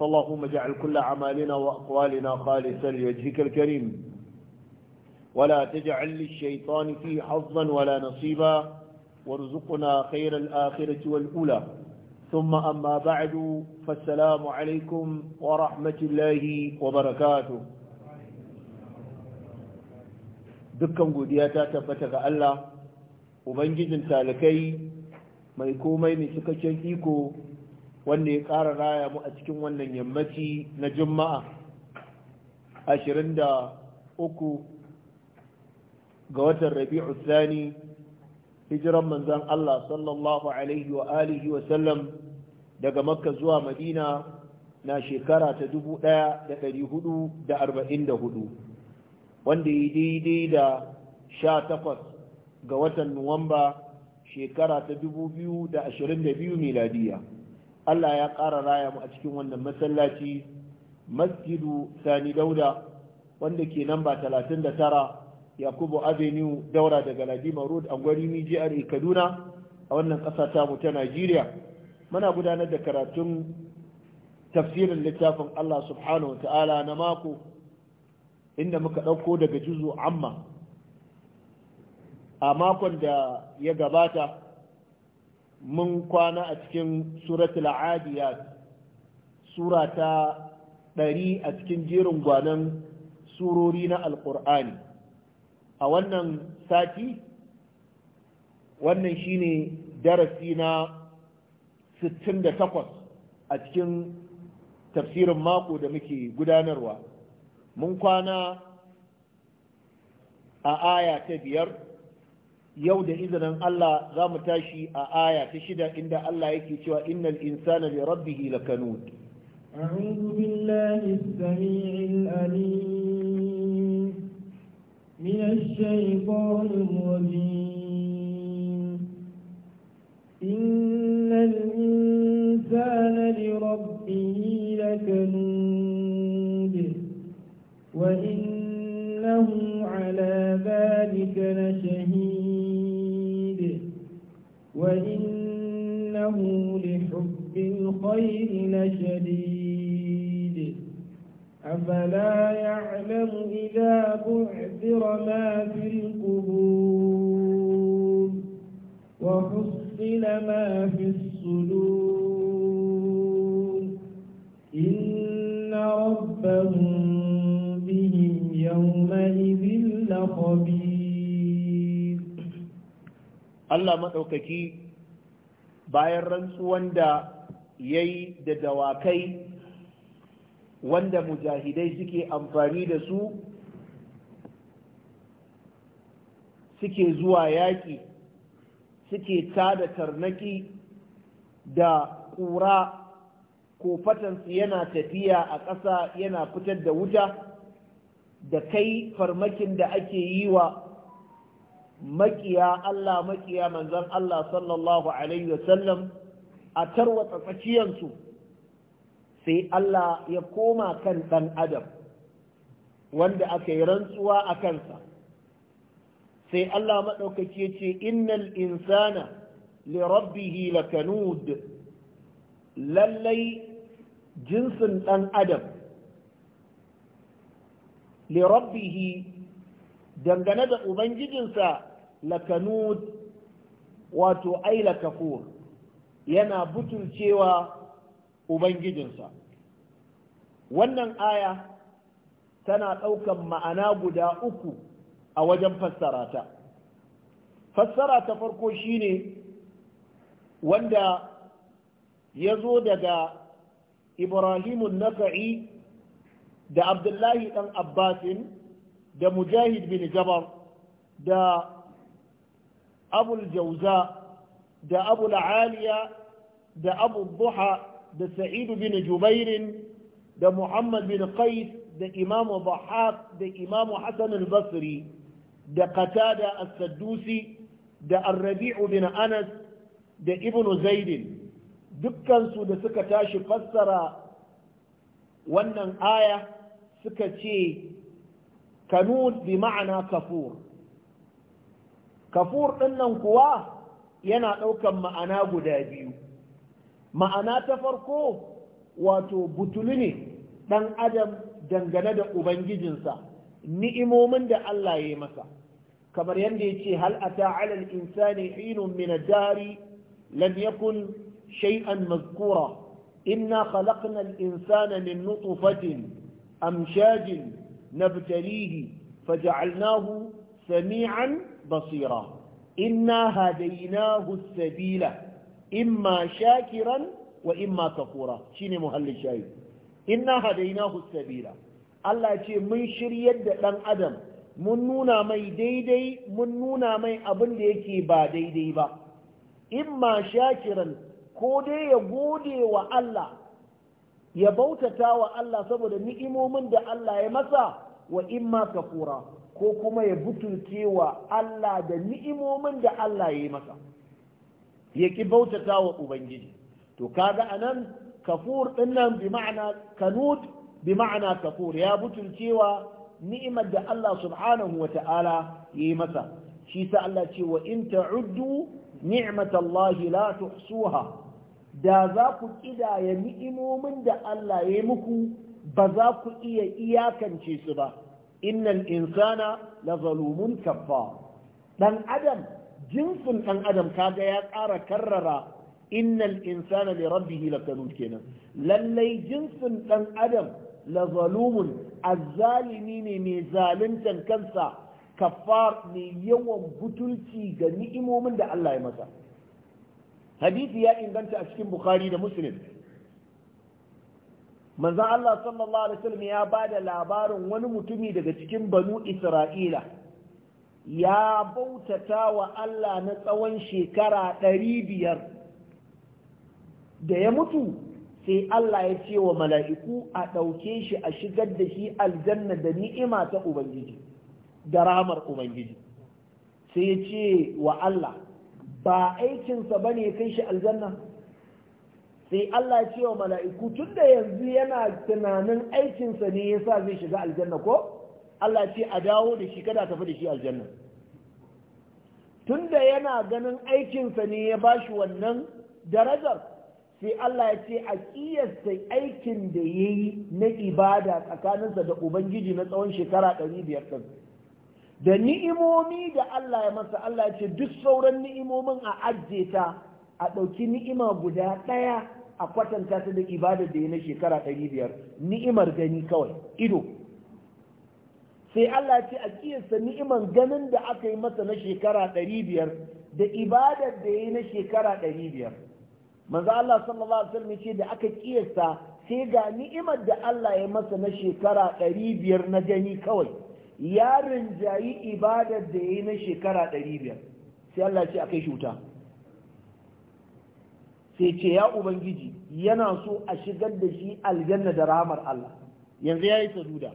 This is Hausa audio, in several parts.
فاللهم اجعل كل اعمالنا وأقوالنا خالصا لوجهك الكريم ولا تجعل للشيطان فيه حظا ولا نصيبا وارزقنا خير الآخرة والأولى ثم أما بعد فالسلام عليكم ورحمة الله وبركاته dukkan godiya ta tabbata ga Allah ubangijin talakai mai komai mai cikakken iko wanda ya ƙara raya mu a cikin wannan yammaci na juma'a 23 ga watan rabi'u thani hijiran manzan Allah sallallahu alaihi wa alihi wa sallam daga makka zuwa madina na shekara ta 1444 wanda ya daidai da 18 ga watan nuwamba shekara ta 2022 miladiya Allah ya ƙara raya mu a cikin wannan masallaci masjidu sani dauda wanda ke namba tara, yakubu avenue daura daga ladima road a ni jihar kaduna a wannan ƙasa ta mu ta najeriya muna gudanar da karatun tafsirin littafin allah subhanahu na mako inda muka ɗauko daga juzu amma a makon da ya gabata mun kwana a cikin suratul adiyat sura ta ɗari a cikin jerin gwanon surori na alƙur'ani a wannan sati wannan shine darasi na 68 a cikin tafsirin mako da muke gudanarwa mun kwana a aya ta biyar yau da izinin Allah za mu tashi a aya ta shida inda Allah yake cewa innal insana li rabbihi lakanud أعوذ بالله السميع الأليم من الشيطان الرجيم إن الإنسان لربه لكنود وإنه على ذلك لشهيد وإنه لحب الخير لشديد أفلا يعلم إذا بعثر ما في القبور وحصل ما في الصدور إن ربهم بهم يومئذ لخبير Allah maɗaukaki bayan rantsuwan wanda ya yi da dawakai wanda mujahidai suke amfani da su suke zuwa yaƙi suke tada tarnaki da ƙura ko fatansu yana tafiya a ƙasa yana fitar da wuta da kai farmakin da ake yi wa makiya Allah makiya manzon Allah sallallahu alaihi wasallam a tarwata tsakiyansu sai Allah ya koma kan ɗan adam wanda aka yi rantsuwa a kansa sai Allah maɗaukaki ce innal insana li rabbihi lakanud lallai jinsin ɗan adam li rabbihi dangane da ubangijinsa lakanud wato aila kafur yana butulcewa ubangijinsa wannan aya tana ɗaukan ma'ana guda uku a wajen fassara ta fassara ta farko shine wanda ya zo daga ibrahimun naka'i da abdullahi ɗan abbasin da mujahid bin jabar da abul jauza da AbulAliya da abu duha da sa'idu bin jubairin da muhammad bin qais da imamu bahaq da imamu hassan al-basri da qatada as-saddusi da arrabi'u bin anas da ibnu zaidin dukkansu da suka tashi fassara wannan aya suka ce kanun bi ma'ana kafur kafur ɗin nan kuwa yana ɗaukan ma'ana guda biyu ma'ana ta farko wato butulu ne ɗan adam dangane da ubangijinsa ni'imomin da Allah ya yi masa kamar yadda ya ce hal ata alal insani hinun min dari lam yakun shay'an mazkura inna khalaqna al-insana min nutfatin amshajin nabtalihi faj'alnahu sami'an basira inna hadainahu sabila imma shakiran wa imma kafura shine muhallin shayi inna hadainahu sabila Allah ce mun shiryar da dan adam mun nuna mai daidai mun nuna mai abin da yake ba daidai ba imma shakiran ko dai ya gode wa Allah ya bautata wa Allah saboda ni'imomin da Allah ya masa wa imma kafura ko kuma ya butulce wa Allah da ni'imomin da Allah ya yi masa ya ki bautata wa ubangiji to kaga anan kafur dinnan bi ma'ana kanut bi ma'ana kafur ya butulce wa ni'imar da Allah subhanahu wa ta'ala ya yi masa shi sa Allah ce wa in ta'uddu ni'matallahi la tuhsuha da za ku kidaya ni'imomin da Allah ya yi muku ba za ku iya iyakance su ba innal insana la zalumun kaffa dan adam jinsin dan adam kaga ya ƙara karrara innal insana li rabbihi lakanun kenan lallai jinsin dan adam la zalumun azzalimi ne mai zaluntan kansa kafa mai yawan butulci ga ni'imomin da Allah ya masa hadisi ya inganta a cikin bukhari da muslim manzon Allah sallallahu alaihi wasallam ya da labarin wani mutumi daga cikin banu Isra'ila ya bautata wa Allah na tsawon shekara ɗari biyar da ya mutu sai Allah ya ce wa mala'iku a ɗauke shi a shigar da shi aljanna da ni'ima ta Ubangiji da ramar Ubangiji sai ya ce wa Allah ba aikinsa ba ne ya kai shi aljanna sai Allah ce wa mala'iku tun da yanzu yana tunanin aikinsa ne ya sa zai shiga aljanna ko Allah ce a dawo da shi kada tafi da shi aljanna tun da yana ganin aikinsa ne ya ba shi wannan darajar sai Allah ya ce a kiyasta aikin da ya yi na ibada tsakaninsa da Ubangiji na tsawon shekara ɗari biyar kan. da ni'imomi da Allah ya masa Allah ya ce duk sauran ni'imomin a ajiye a ɗauki ni'ima guda ɗaya a kwatanta ta da ibadar da ya na shekara ɗari biyar ni'imar gani kawai ido sai Allah ce a kiyasta ni'imar ganin da aka yi masa na shekara ɗari biyar da ibadar da ya na shekara ɗari biyar manzo Allah sallallahu alaihi wasallam ce da aka kiyasta sai ga ni'imar da Allah ya masa na shekara ɗari biyar na gani kawai ya rinjayi ibadar da ya na shekara ɗari biyar sai Allah ce a kai shi wuta sai ce ya ubangiji yana so a shigar da shi aljanna da rahamar Allah yanzu ya yi saduda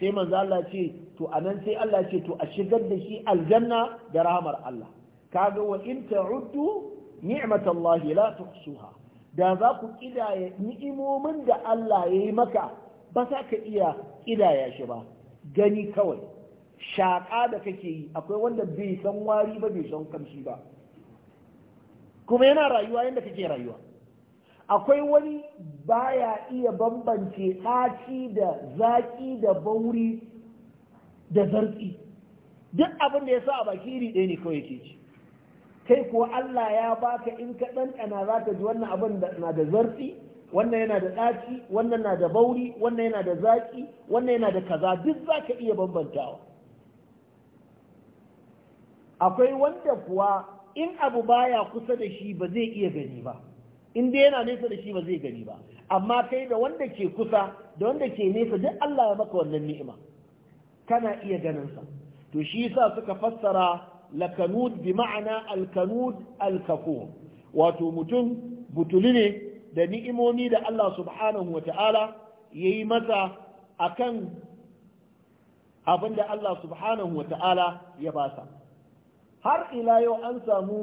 sai manzo Allah ce to anan sai Allah ce to a shigar da shi aljanna da rahamar Allah kaga wa in ta'uddu ni'matallahi la tuhsuha da za ku kidaya ni'imomin da Allah ya yi maka ba za ka iya kidaya shi ba gani kawai shaƙa da kake yi akwai wanda bai san wari ba bai san kamshi ba kuma yana rayuwa yadda kake rayuwa akwai wani baya iya bambance ɗaci da zaƙi da bauri da zartsi duk abin da ya sa a baki iri ɗaya ne kawai ke ci kai kuwa Allah ya baka in ka ɗanɗana za ka ji wannan abin na da zartsi wannan yana da ɗaci wannan na da bauri wannan yana da zaƙi wannan yana da kaza duk za ka iya bambantawa akwai wanda kuwa in abu baya kusa da shi ba zai iya gani ba in dai yana nesa da shi ba zai gani ba amma kai da wanda ke kusa da wanda ke nesa duk Allah ya maka wannan ni'ima kana iya ganin sa to shi yasa suka fassara lakanud bi ma'ana alkanud alkafur wato mutum butuli ne da ni'imomi da Allah subhanahu wata'ala yayi masa akan abin da Allah subhanahu wata'ala ya basa har ila yau an samu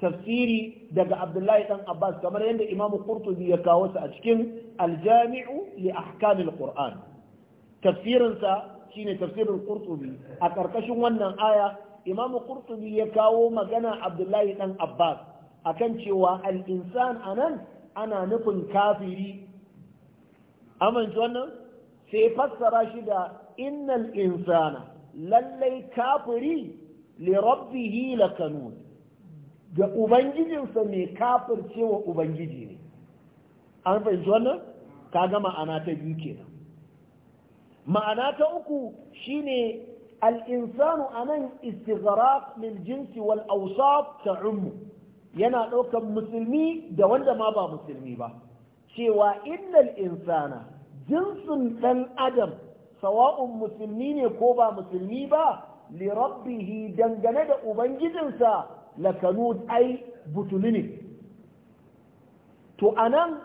tafsiri daga abdullahi dan abbas kamar yadda imamu qurtubi ya kawo su a cikin aljami'u li ahkamil qur'an tafsirinsa shine tafsirin qurtubi a karkashin wannan aya imamu qurtubi ya kawo magana abdullahi dan abbas akan cewa al-insan anan ana nufin kafiri amince wannan sai fassara shi da innal insana lallai kafiri li rabbihi lakanun ga ubangijinsa mai kafircewa ubangiji ne an fahimci wannan kaga ma'ana ta biyu kenan ma'ana ta uku shine al-insanu anan istighraq min jinsi wal awsaf ta'ummu yana ɗaukar musulmi da wanda ma ba musulmi ba cewa innal insana jinsin ɗan adam sawa'un musulmi ne ko ba musulmi ba lirabbihi dangane da ubangijinsa lakanud ai butuli ne to anan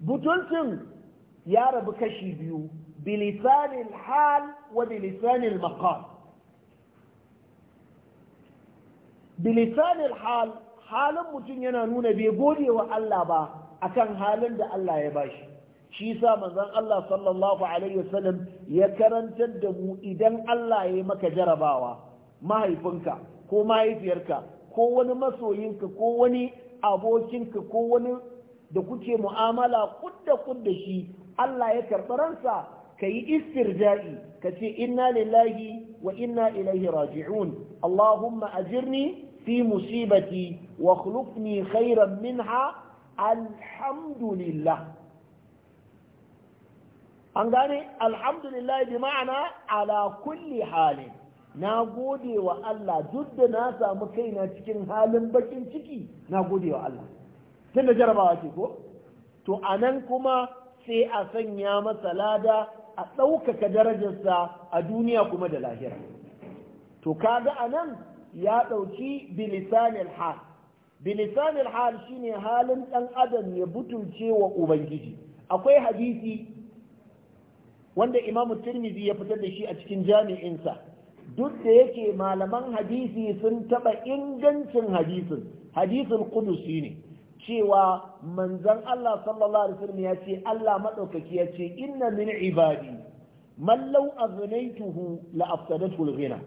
butuncin ya rabu kashi biyu bilisanin hal wa bilisanil maqal Bilisanin hal halin mutum yana nuna bai gode wa Allah ba akan halin da Allah ya bashi shi sa manzon Allah sallallahu alaihi wasallam ya karantar da mu idan Allah ya maka jarabawa mahaifinka ko mahaifiyarka ko wani masoyinka ko wani abokinka ko wani da kuke mu'amala kudda kudda shi Allah ya karɓi ransa ka yi istirja'i ka ce inna lillahi wa inna ilaihi raji'un Allahumma ajirni fi musibati wa khulufni khairan minha alhamdulillah an gane alhamdulillah bi ma'ana ala kulli halin na gode wa Allah duk da na samu kaina cikin halin bakin ciki na gode wa Allah tunda jarabawa ce ko to anan kuma sai a sanya masa lada a ɗaukaka darajarsa a duniya kuma da lahira to kaga nan ya ɗauki bilisanil hal bilisanil hal shine halin ɗan adam ya butulce wa ubangiji akwai hadisi wanda imamu tirmizi ya fitar da shi a cikin jami'insa duk da yake malaman hadisi sun taɓa ingancin hadisin hadisin kudusi ne cewa manzan Allah sallallahu alaihi wasallam ya ce Allah maɗaukaki ya ce inna min ibadi man law aghnaytuhu la afsadatu ghina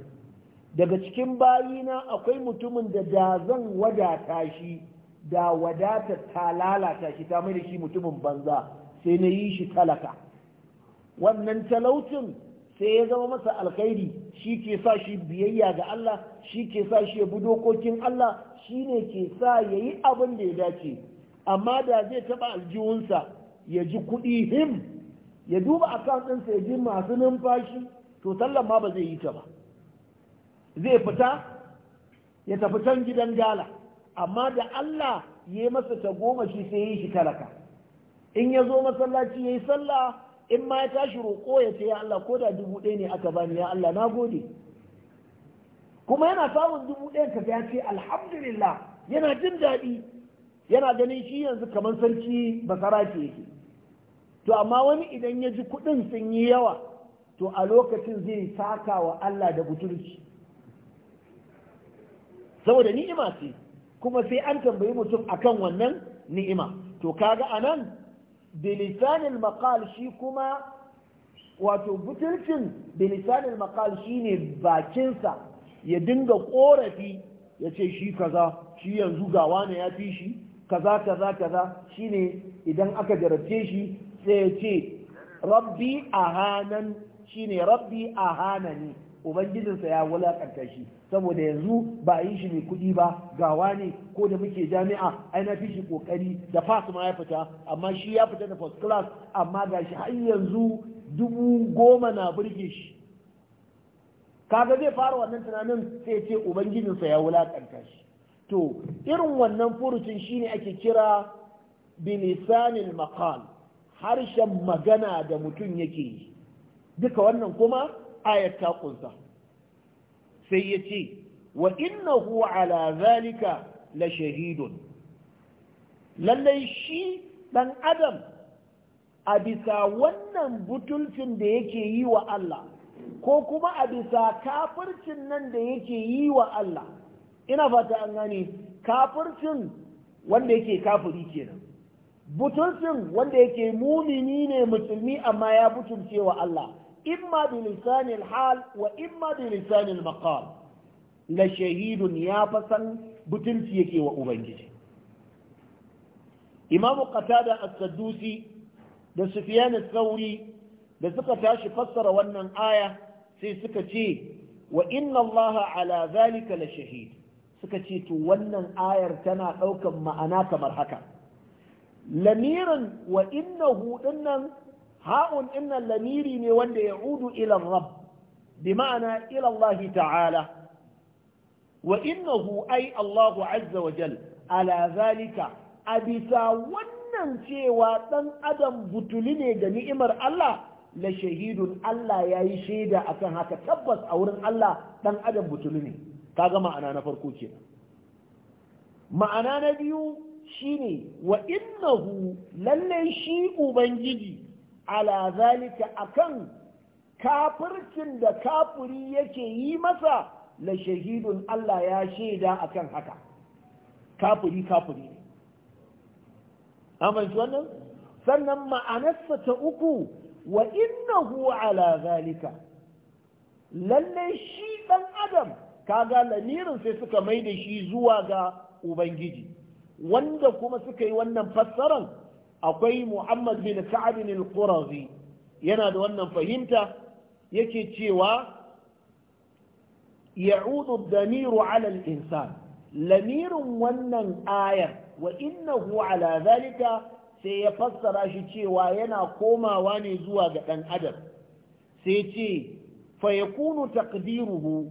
daga cikin bayina akwai mutumin da da zan wadata shi da wadata ta lalata shi ta mai shi mutumin banza sai na yi shi talaka wannan talautin sai ya zama masa alkhairi shi ke sa shi biyayya ga Allah shi ke sa shi ya bi dokokin Allah shi ne ke sa ya yi abin da ya dace amma da zai taɓa aljihunsa ya ji kuɗi him ya duba akan ɗinsa ya ji masu numfashi to sallan ma ba zai yi ta ba zai fita ya tafi can gidan gala amma da Allah ya yi masa ta goma shi sai ya yi shi talaka in ya zo masallaci ya yi sallah in ma ya tashi roƙo ya ce ya Allah ko da dubu ɗaya ne aka bani ya Allah na gode kuma yana samun dubu ɗaya ka ya ce alhamdulillah yana jin daɗi yana ganin shi yanzu kamar sarki basara ke yake to amma wani idan ya ji kuɗin sun yi yawa to a lokacin zai saka wa Allah da butulci saboda ni'ima ce kuma sai an tambayi mutum akan wannan ni'ima to kaga anan bilisanil maqal shi kuma wato butulcin bilisanil maqal shine bakinsa ya dinga korafi ya ce shi kaza shi yanzu gawa ne ya fi shi kaza kaza kaza shine idan aka jarabce shi sai ya ce rabbi ahanan shine rabbi ne ubangijinsa ya wulakanta shi saboda yanzu ba yin shi mai kuɗi ba gawa ne ko da muke jami'a ai na fi shi kokari da fas ma ya fita amma shi ya fita da first class amma ga shi har yanzu dubu goma na burge shi kaga zai fara wannan tunanin sai ce ubangijinsa ya wulakanta shi to irin wannan furucin shine ake kira bilisanil maqal harshen magana da mutum yake yi duka wannan kuma ayar ta kunsa sai ya ce wa innahu ala zalika la shahidun lallai shi dan adam a bisa wannan butulcin da yake yi wa Allah ko kuma a bisa kafircin nan da yake yi wa Allah ina fata an gani kafircin wanda yake kafiri kenan butulcin wanda yake mumini ne musulmi amma ya butulce wa Allah imma bi lisanil hal wa imma bi lisanil la shahidun ya fasan butunci yake wa ubangiji imamu qatada as-saddusi da sufyan as-sauri da suka tashi fassara wannan aya sai suka ce wa inna Allah ala zalika la shahid suka ce to wannan ayar tana ɗaukan ma'ana kamar haka lamirin wa innahu dinnan ha'un innan lamiri ne wanda ya udu ilan rab bi ma'ana ilallahi ta'ala wa innahu ai Allahu azza wa jal ala zalika a bisa wannan cewa ɗan adam butuli ne ga ni'imar Allah la shahidun Allah ya yi shaida akan haka tabbas a wurin Allah ɗan adam butuli ne kaga ma'ana na farko kenan ma'ana na biyu shine wa innahu lallai shi ubangiji ala zalika akan kafircin da kafuri yake yi masa la shahidun Allah ya shaida akan haka Kafuri kafuri. ne amince wannan sannan ma'anarsa ta uku wa innahu ala zalika lalle shi dan adam kaga lamirin sai suka mai da shi zuwa ga ubangiji wanda kuma suka yi wannan fassaran akwai muhammad bin sa'ad al-qurazi yana da wannan fahimta yake cewa ya'udu damiru ala al-insan lamirin wannan ayar wa innahu ala zalika sai ya fassara shi cewa yana komawa ne zuwa ga ɗan adam sai ce fa ya yakunu taqdiruhu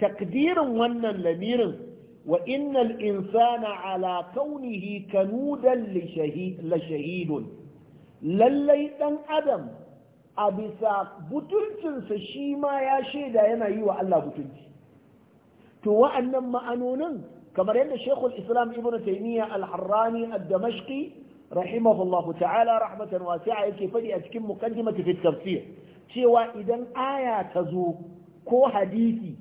taqdirin wannan lamirin wa innal insana ala kaunihi kanudan la shahidun lallai dan adam a bisa butuncinsa shi ma ya shaida yana yi wa Allah butunci to wa'annan ma'anonin kamar yadda shekul islam ibn taimiyya al-harrani al-damashqi rahimahullahu ta'ala rahmatan wasi'a yake faɗi a cikin muqaddimati fi tafsir cewa idan aya ta zo ko hadisi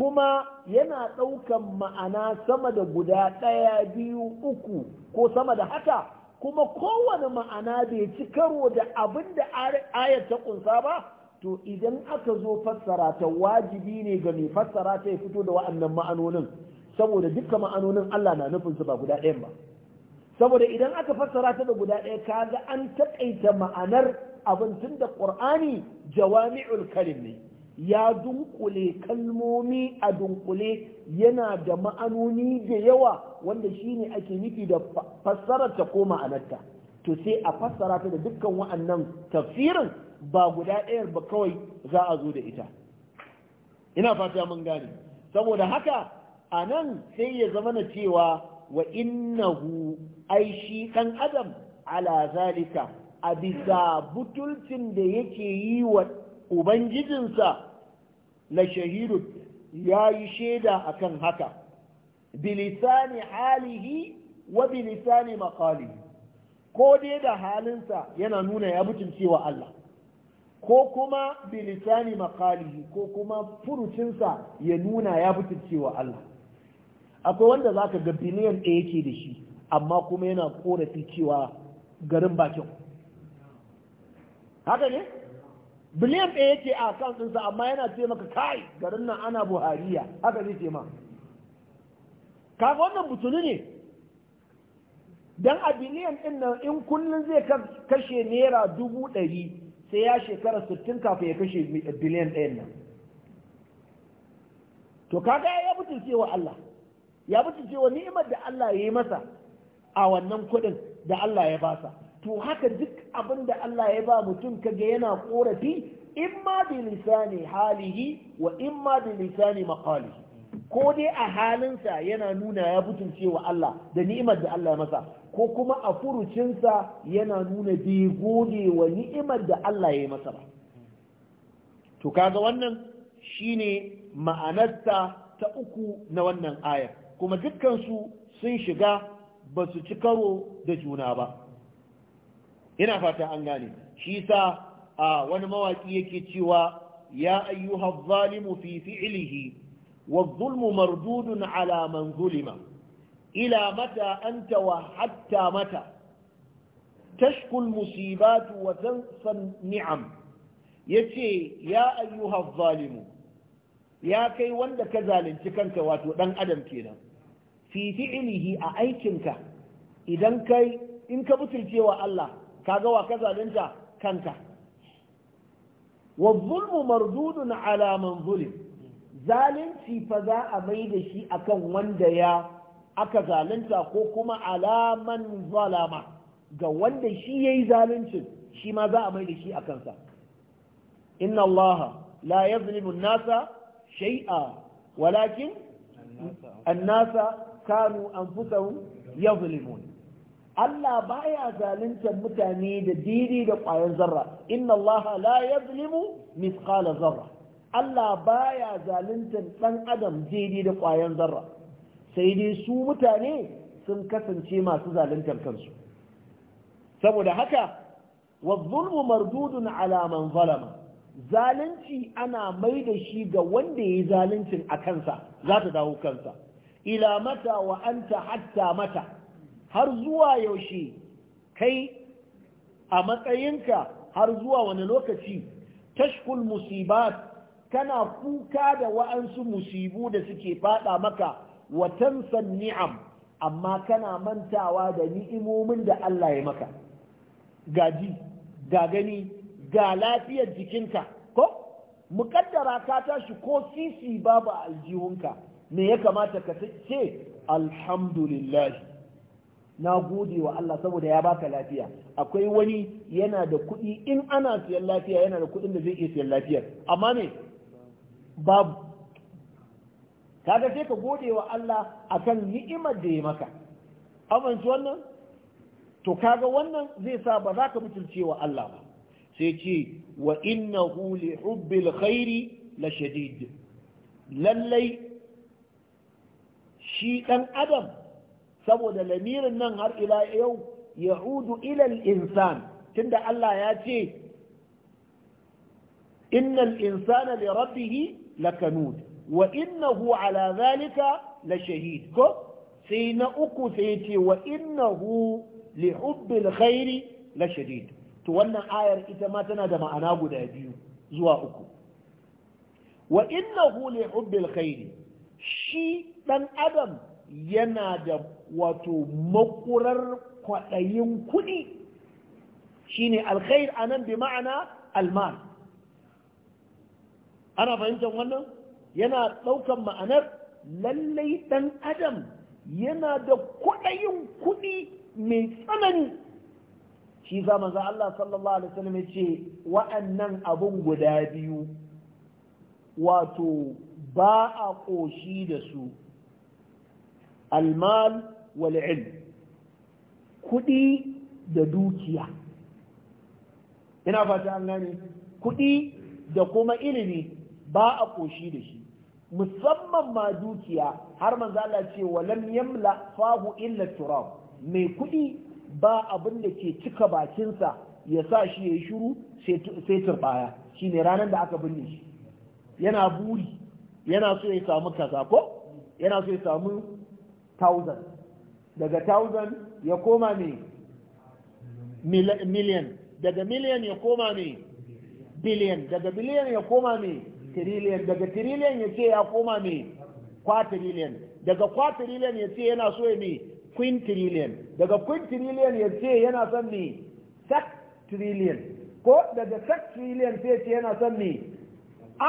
kuma yana ɗaukan ma'ana sama da guda ɗaya biyu uku ko sama da haka kuma kowane ma'ana bai ci karo da abin da ayar ta kunsa ba to idan aka zo fassara ta wajibi ne ga mai fassara ta ya fito da wa'annan ma'anonin saboda dukkan ma'anonin Allah na nufin su ba guda ɗayan ba saboda idan aka fassara ta da guda ɗaya kaga an taƙaita ma'anar abin tun da ƙur'ani jawami'ul kalim ne ya dunkule kalmomi a dunkule yana da ma'anoni da yawa wanda shine ake nufi da fassararta ta ko ma'anarta to sai a fassara ta da dukkan wa'annan tafsirin ba guda ɗayar ba kawai za a zo da ita ina fata mun gane saboda haka a nan sai ya zama na cewa wa innahu ai shi ɗan adam ala zalika a bisa butulcin da yake yi wa ubangijinsa la shahidu ya yi shaida akan haka bilisani halihi wa bilisani maqalihi ko dai da halinsa yana nuna ya mutuncewa Allah ko kuma bilisani makalihi, ko kuma furucinsa ya nuna ya mutuncewa Allah akwai wanda zaka ga biliyan ɗaya yake da shi amma kuma yana korafi cewa garin bakin haka ne biliyan ɗaya yake a kan ɗinsa amma yana ce maka kai garin nan ana buhariya haka zai ce ma kaga wannan butuli ne don a biliyan ɗin nan in kullum zai kashe naira dubu ɗari sai ya shekara sittin kafin ya kashe biliyan ɗayan nan to kaga ya butulce wa Allah ya butulce wa ni'imar da Allah ya yi masa a wannan kuɗin da Allah ya basa to haka duk abin da Allah ya ba mutum kage yana korafi in ma bi lisani halihi wa in ma bi lisani maqali ko dai a halinsa yana nuna ya butunce wa Allah da ni'imar da Allah ya masa ko kuma a furucinsa yana nuna bai gode wa ni'imar da Allah ya masa ba to kaga wannan shine ma'anarta ta uku na wannan aya kuma dukkansu sun shiga basu ci karo da juna ba ina fata an gane shi sa a wani mawaki yake cewa ya ayyuha zalimu fi fi'lihi wa zulmu mardudun ala man zulima ila mata anta wa hatta mata tashku al-musibat wa tansa ni'am yace ya ayyuha zalimu ya kai wanda ka zalunci kanka wato dan adam kenan fi fi'lihi a aikinka idan kai in ka butulce wa Allah kaga wa ka zalunta kanka wa zulmu mardudun ala man zulim zalunci fa za a mai da shi akan wanda ya aka zalunta ko kuma alaman zalama ga wanda shi yayi zaluncin shi ma za a mai da shi a kansa inna allaha la yazlimu nasa shai'a walakin an nasa, kanu an anfusahum yazlimun Allah baya zaluntar mutane da diri da ƙwayar zarra inna Allah la yazlimu mithqala zarra Allah baya zaluntar dan adam diri da ƙwayar zarra sai dai su mutane sun kasance masu zaluntar kansu saboda haka wa zulmu mardudun ala man zalama zalunci ana mai da shi ga wanda ya yi zaluncin a kansa za ta dawo kansa ila mata wa anta hatta mata har zuwa yaushe kai a matsayinka har zuwa wani lokaci tashkul musibat kana kuka da wa'ansu musibu da suke fada maka wa tansan ni'am amma kana mantawa da ni'imomin da Allah ya maka gaji ga gani ga lafiyar jikinka ko mukaddara ka tashi ko sisi babu aljihunka me ya kamata ka ce alhamdulillah na gode wa Allah saboda ya baka lafiya akwai wani yana da kuɗi in ana siyan lafiya yana da kuɗin da zai iya siyan lafiyar amma me? babu kaga sai ka gode wa Allah akan ni'imar da ya maka amince wannan to kaga wannan zai sa ba za ka mutunce wa Allah ba sai ce wa innahu li hubbil khairi la shadid lallai shi dan adam saboda lamirin nan har ila yau Yahudu ilal insan tunda Allah ya ce innal insana li rabbihi lakanud wa innahu ala zalika la shahid ko sai na uku sai ce wa innahu li hubbil khairi la shadid to wannan ayar ita ma tana da ma'ana guda biyu zuwa uku wa innahu li hubbil khairi shi dan adam yana da wato makurar kwaɗayin kuɗi shine alkhair a nan bi ma'ana almal ana fahimtar wannan yana ɗaukar ma'anar lallai ɗan adam yana da kwaɗayin kuɗi mai tsanani shi za manzo Allah sallallahu alaihi wasallam ya ce wa'annan abun guda biyu wato ba a ƙoshi da su almal wal kuɗi da dukiya ina fata an gane kuɗi da kuma ilimi ba a ƙoshi da shi musamman ma dukiya har manzo Allah ce walam yamla fahu illa turab mai kuɗi ba abin da ke cika bakinsa ya sa shi ya yi shuru sai turbaya shine ranar da aka binne shi yana buri yana so ya samu kaza yana so ya samu 1000 daga 1000 ya koma ne million daga million ya koma ne billion daga billion ya koma ne trillion daga trillion ya ce ya koma ne quadrillion daga quadrillion ya ce yana so ya ne quintillion daga quintillion ya ce yana son ne sextillion ko daga sextillion sai ce yana son ne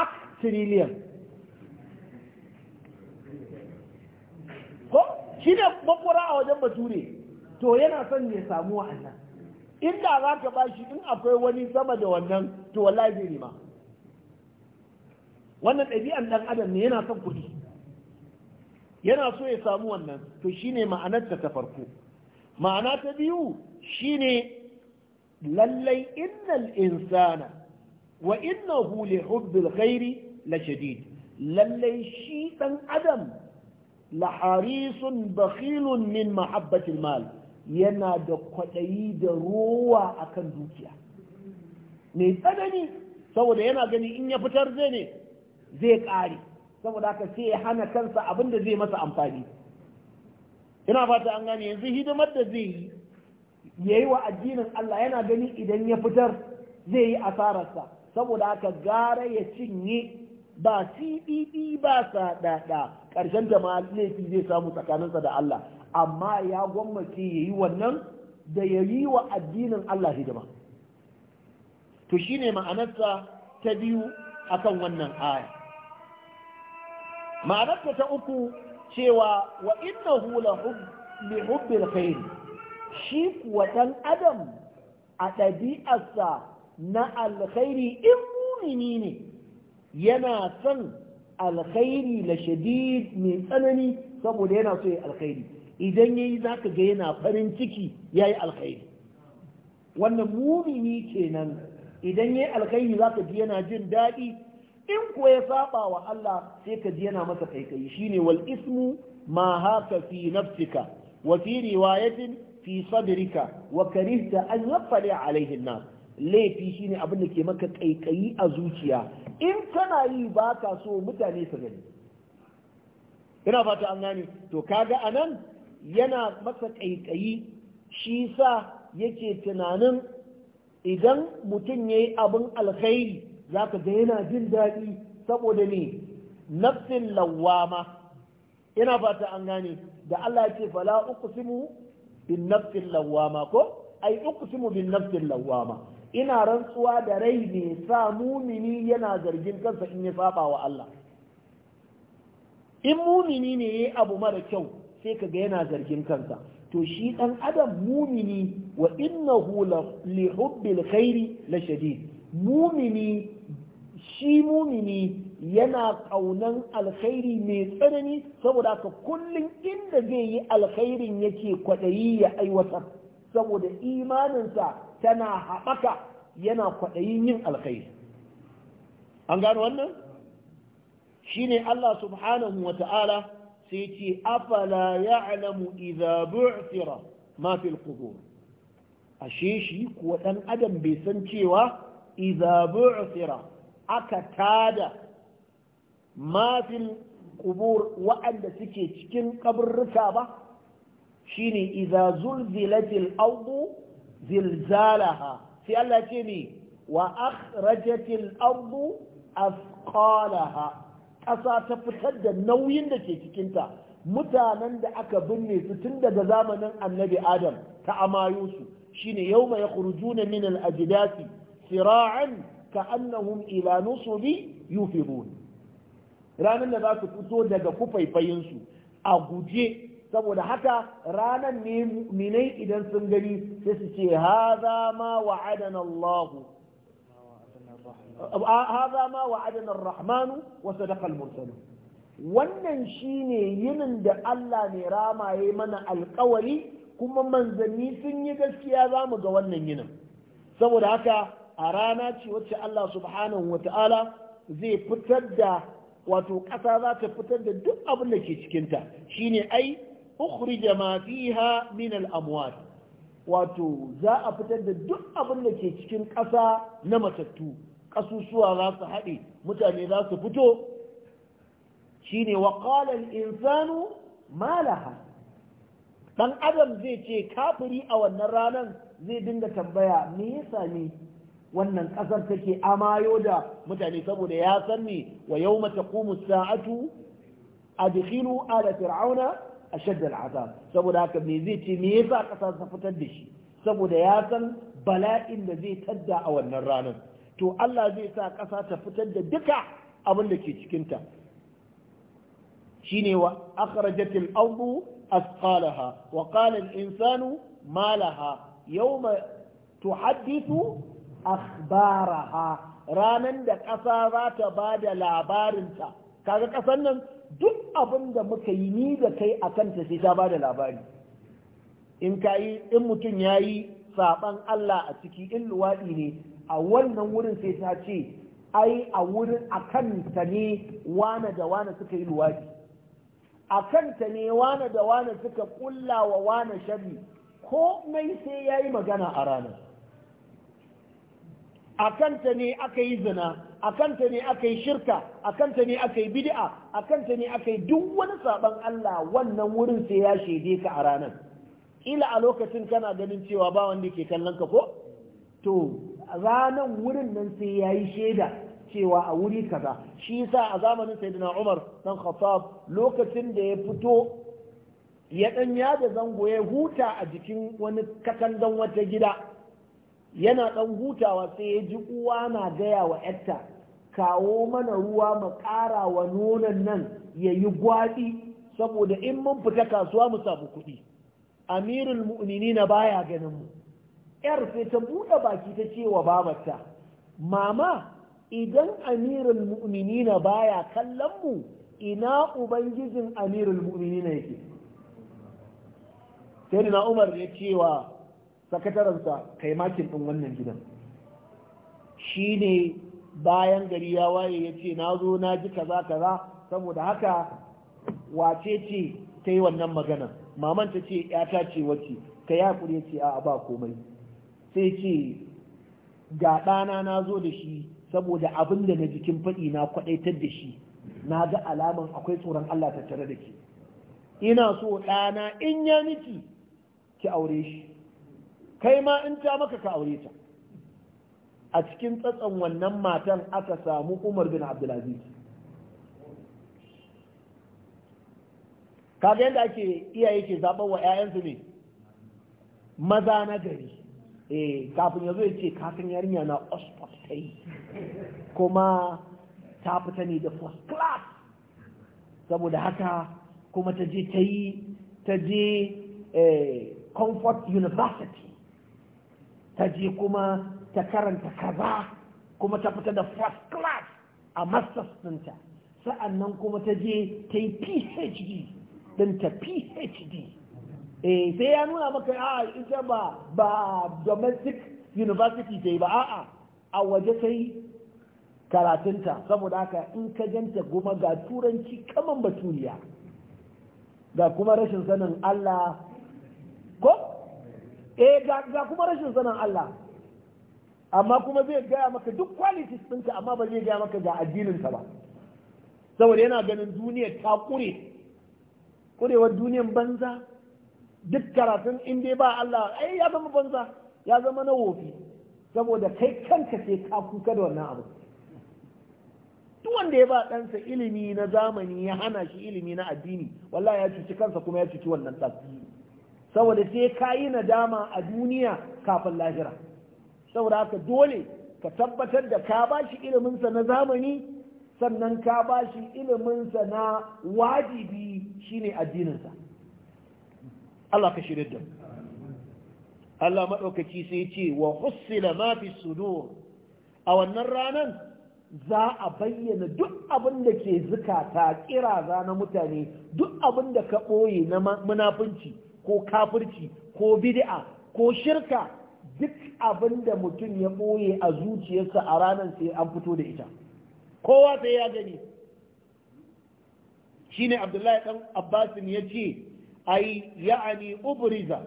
octillion shi ne a wajen bature to yana son ya samu wa'annan inda za ka bashi in akwai wani sama da wannan to wallahi zai nema wannan ɗabi'an ɗan adam ne yana son kuɗi yana so ya samu wannan to shine ma'anarta ta farko ma'ana ta biyu shine lallai innal insana wa innahu li hubbil khairi la shadid lallai shi ɗan adam laharisun bakhilun min mahabbatil mal yana da kwaɗayi da ruwa akan dukiya mai tsanani saboda yana gani in ya fitar zai ne zai ƙare saboda haka sai ya hana kansa abin da zai masa amfani ina fata an gane yanzu hidimar da zai yi ya yi wa addinin Allah yana gani idan ya fitar zai yi asararsa saboda haka gara ya cinye ba cdd e e, ba sa ɗaɗa ƙarshen da ma laifi zai samu tsakaninsa da Allah amma ya gwammace ya yi wannan da ya yi wa addinin Allah hidima to shi ne ma'anarsa ta biyu akan wannan aya ma'anarsa ta uku cewa wa innahu li hubbil khair shi kuwa dan adam a ɗabi'arsa na alkhairi in mumini ne yana son alkhairi la shadid mai tsanani saboda yana so ya alkhairi idan yayi zaka ga yana farin ciki yayi alkhairi wannan mumini kenan idan yayi alkhairi zaka ji yana jin daɗi in ko ya saba wa Allah sai ka ji yana masa kaikayi shine wal ismu ma haka fi nafsika wa fi riwayatin fi sadrika wa karihta an yafali alaihin nas laifi shine abin da ke maka kaikayi a zuciya in kana yi ba ka so mutane su gani ina fata an gane to kaga anan yana masa ƙaiƙayi shi sa yake tunanin idan mutum ya yi abin alkhairi za ka ga yana jin daɗi saboda ne nafsin lawama ina fata an gane da Allah ce fala uqsimu bin nafsin lawama ko ai uqsimu bin nafsin lawama ina rantsuwa da rai ne sa mumini yana zargin kansa in ya saba wa Allah in mumini ne yayi abu mara kyau sai kaga yana zargin kansa to shi dan adam mumini wa innahu li hubbil khairi la shadid mumini shi mumini yana ƙaunan alkhairi mai tsanani saboda ka kullum inda zai yi alkhairin yake kwaɗayi ya aiwatar saboda imaninsa tana haɓaka yana kwaɗayin yin alkhairi an gano wannan shine Allah subhanahu wa ta'ala sai ce afala ya'lamu idza bu'thira ma fil qubur ashe shi kuwa ɗan adam bai san cewa idza bu'thira aka tada ma fil qubur wa'anda suke cikin kaburruka ba shine idza zulzilatil ardu zilzalaha sai Allah ce ne wa akhrajatil ardu afqalaha ƙasa ta fitar da nauyin da ke cikinta mutanen da aka binne su tun daga zamanin annabi adam ta amayo su shine yawma yakhrujuna min al-ajdasi sira'an ka'annahum ila nusubi yufidun ranar da za su fito daga kufaifayinsu a guje saboda haka ranar minai idan sun gani sai su ce haza ma wa'adana Allahu haza ma wa'adana rahmanu wa sadaqal mursalun wannan shine yinin da Allah ne rama mana alƙawari kuma manzanni sun yi gaskiya za mu ga wannan yinin saboda haka a rana ce wacce Allah subhanahu wa ta'ala zai fitar da wato ƙasa za ta fitar da duk abin da ke cikinta shine ai ukhrija ma fiha min al-amwat wato za a fitar da duk abin da ke cikin ƙasa na matattu ƙasusuwa za su haɗe mutane za su fito shine wa qala al-insanu ma laha dan adam zai ce kafiri a wannan ranan zai dinga tambaya me yasa ne wannan ƙasar take amayo da mutane saboda ya san ne wa yau mata ƙumu sa'atu a ala fir'auna a al'azab saboda haka me zai ce me yasa ƙasa ta fitar da shi saboda ya san bala'in da zai tadda a wannan ranar to Allah zai sa ƙasa ta fitar da duka abin da ke cikin ta shine wa akhrajatil ardu asqalaha wa qala al-insanu ma laha yawma tuhaddithu akhbaraha ranan da ƙasa za ta bada labarinta kaga ƙasar nan duk abin da muka yi ni da kai a kanta sai ta ba da labari in ka in mutum ya yi saɓan Allah a ciki in luwaɗi ne a wannan wurin sai ta ce ai a wurin a kanta ne wane da wane suka yi luwaɗi a kanta ne wane da wane suka ƙulla wa wane shabi ko mai sai ya yi magana a ranar a kanta ne aka yi zina a kanta ne aka yi shirka a kanta ne aka yi bid'a a ne aka yi duk wani saban Allah wannan wurin sai ya shaide ka a ranan? ila a lokacin kana ganin cewa ba wanda ke kallon ka ko to ranar wurin nan sai ya yi shaida cewa a wuri kaza shi yasa a zamanin sayyidina Umar dan Khattab lokacin da ya fito ya dan da zango ya huta a jikin wani katangan wata gida yana ɗan hutawa sai ya ji uwa na gaya wa yarta kawo mana ruwa mu ƙara wa nonon nan ya yi gwaɗi saboda in mun fita kasuwa mu samu kuɗi amirul mu'mini na baya ganin mu yar sai ta buɗe baki ta ce wa babarta mama idan amirul mu'mini na baya kallon mu ina ubangijin amirul mu'mini na yake sai na umar ya ce wa sakatarensa kai makin ɗin wannan gidan shi ne bayan gari ya waye ya ce na zo na ji kaza kaza saboda haka wace ce ta yi wannan magana maman ta ce yata ce wace, ka ya kuri ce a ba komai sai ce ga ɗana na zo da shi saboda abin da na jikin faɗi na kwaɗaitar da shi na ga alaman akwai tsoron Allah tattare da ke ina so ɗana in ya miki ki aure shi kai ma in ta maka ka aure ta a cikin tsatson wannan matan aka samu umar bin abdulaziz kaga yadda ake iyaye ke zaɓar wa 'ya'yansu ne maza na gari eh kafin ya zo ya ce kafin yarinya na ospot ta yi kuma ta fita ne da first class saboda haka kuma ta je ta yi ta je eh, comfort university ta je kuma ta karanta kaza kuma ta fita da first class a masters ɗinta nan kuma ta je ta yi phd ɗinta phd eh sai ya nuna maka a ah, ita ba ba domestic university ta yi ba a'a a waje ta yi karatunta saboda haka in ka janta kuma ga turanci kaman baturiya ga kuma rashin sanin Allah ko eh ga kuma rashin sanin Allah amma kuma zai gaya maka duk qualities ɗinka amma ba zai gaya maka ga addininka ba saboda yana ganin duniya ta kure kurewar duniyan banza duk karatun in dai ba Allah ai ya zama banza ya zama na wofi saboda kai kanka sai ka kuka da wannan abu duk wanda ya ba ɗansa ilimi na zamani ya hana shi ilimi na addini wallahi ya cuci kansa kuma ya cuci wannan tasiri. saboda sai ka yi nadama a duniya kafin lahira saboda haka dole ka tabbatar da ka ba shi iliminsa na zamani sannan ka ba shi iliminsa na wajibi shine addininsa Allah ka shirya da Allah maɗaukaci sai ce wa hussila ma fi sudur a wannan ranan za a bayyana duk abin da ke zukata kiraza na mutane duk abin da ka ɓoye na munafunci ko kafirci ko bid'a ko shirka duk abin da mutum ya ɓoye a zuciyarsa a ranar sai an fito da ita kowa sai ya gani shine abdullahi dan abbasin ya ce ai ya'ani ubriza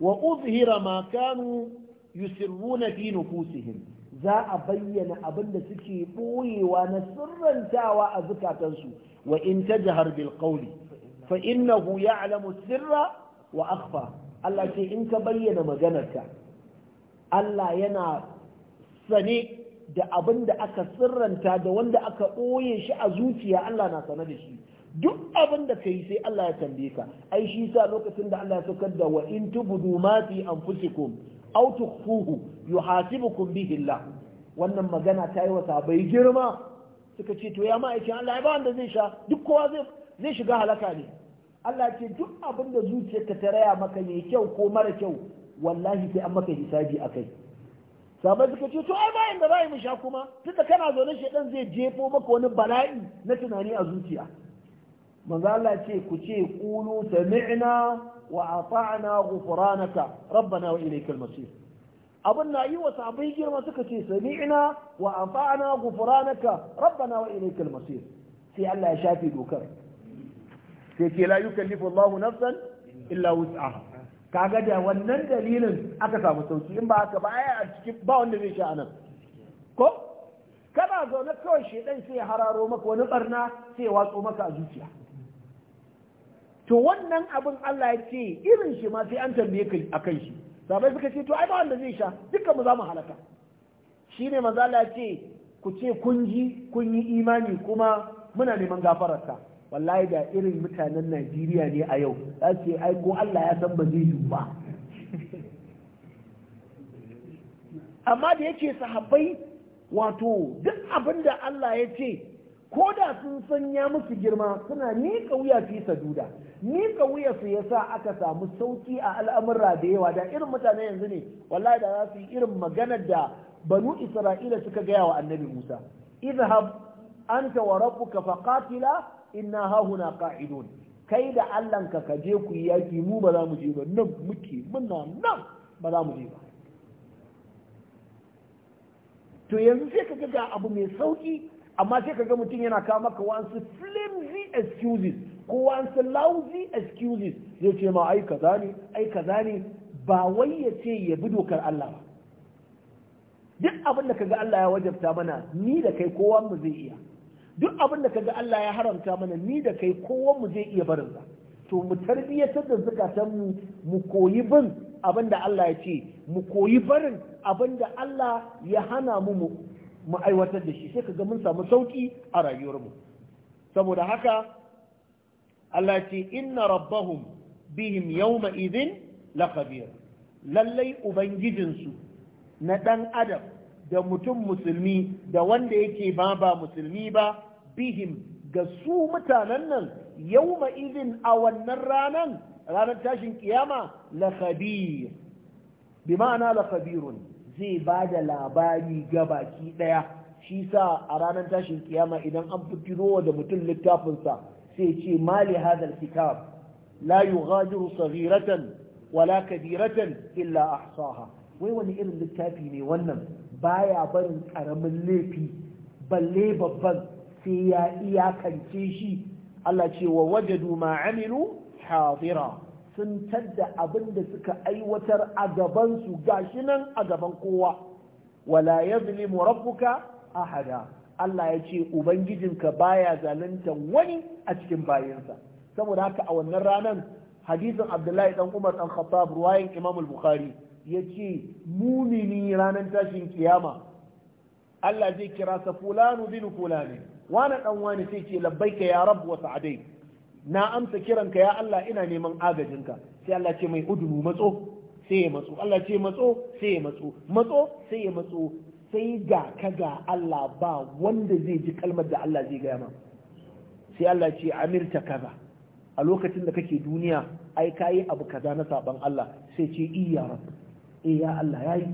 wa uzhira ma kanu yusirruna fi nufusihim za a bayyana abin da suke ɓoyewa na sirrantawa a zukatansu wa in tajhar bil qawli fa innahu ya'lamu sirra wa akhfa Allah ce in ka bayyana maganarka Allah yana sane da abinda aka sirranta da wanda aka ɓoye shi a zuciya Allah na sane da shi duk abin da ka yi sai Allah ya tambaye ka ai shi sa lokacin da Allah ya saukar da wa in tubudu ma fi anfusikum aw tukhfuhu yuhasibukum bihi wannan magana ta yi wa sahabbai girma suka ce to ya ma'aikin Allah ya zai sha duk kowa zai shiga halaka ne Allah ce duk abin da zuciyarka ta raya maka mai kyau ko mara kyau wallahi sai an maka hisabi a kai sabai suka ce to ai bayan da za mu sha kuma tunda kana zaune shedan zai jefo maka wani bala'i na tunani a zuciya manzo Allah ce ku ce qulu sami'na wa ata'na ghufranaka rabbana wa ilaykal masir abun na yi wa sabai girma suka ce sami'na wa ata'na ghufranaka rabbana wa ilaykal masir sai Allah ya shafe dokar sai ce la yukallifu Allahu nafsan illa wus'aha kaga da wannan dalilin aka samu sauki in ba haka ba ai a cikin ba wanda zai sha anan ko kana zaune kawai shedan sai ya hararo maka wani barna sai ya watso maka a zuciya to wannan abin Allah ya ce irin shi ma sai an tambaye ka akan shi sabai suka ce to ai ba wanda zai sha dukkan mu za mu halaka shine manzo Allah ya ce ku ce kun ji kun yi imani kuma muna neman gafararsa wallahi da irin mutanen najeriya ne a yau za su ce ai ko allah ya san ba zai yi ba amma da yake sahabbai wato duk abin da allah ya ce ko da sun san ya musu girma suna miƙa wuya fi saduda miƙa wuya su yasa aka samu sauki a al'amurra da yawa da irin mutane yanzu ne wallahi da za su yi irin maganar da banu isra'ila suka gaya wa annabi musa izhab anta wa rabbuka faqatila inna hahuna qa'idun kai da Allah ka kaje ku yi yaki mu ba za mu je ba nan muke muna nan ba za mu je ba to yanzu sai ka ga abu mai sauki amma sai ka ga mutum yana kawo maka wasu flimsy excuses ko wasu lousy excuses zai ce ma ai kaza ne ai kaza ne ba wai ya ce ya bi dokar Allah duk abin da kaga Allah ya wajabta mana ni da kai kowa mu zai iya duk abin da ka ga Allah ya haramta mana ni da kai kowa mu zai iya barin sa to mu tarbiyyatar da zukatan mu mu koyi bin abin da Allah ya ce mu koyi barin abin da Allah ya hana mu mu aiwatar da shi sai ka ga mun samu sauki a rayuwar mu saboda haka Allah ce inna rabbahum bihim yawma idhin lakhabir lallai ubangijinsu na dan adam da mutum musulmi da wanda yake ba ba musulmi ba bihim ga su mutanen nan yauma idin a wannan ranan ranar tashin kiyama la bi ma'ana la zai ba da labari ga baki daya shi sa a ranar tashin kiyama idan an fitiro da mutum littafinsa sai ce mali hadar kitab la yughadiru saghiratan wala kabiratan illa ahsaha wai wani irin littafi ne wannan baya barin karamin laifi balle babban sai ya iyakance shi Allah ce wa wajadu ma amilu hadira sun tadda abin da suka aiwatar a gaban su gashi nan a gaban kowa wala yazlimu rabbuka ahada Allah ya ce ubangijinka baya zalunta wani a cikin bayansa saboda haka a wannan ranar hadisin Abdullahi dan Umar dan Khattab ruwayan Imam al-Bukhari yace mumini ranar tashin kiyama Allah zai kira sa fulanu bin fulani wani dan wani sai ce labbaika ya rabu wa sa'adai na amsa kiranka ya Allah ina neman agajinka sai Allah ce mai udunu matso sai ya matso Allah ce matso sai ya matso matso sai ya matso sai ga ka ga Allah ba wanda zai ji kalmar da Allah zai gaya ma sai Allah ce amirta kaza a lokacin da kake duniya ai ka yi abu kaza na saban Allah sai ce iya rabu eh ya Allah yayi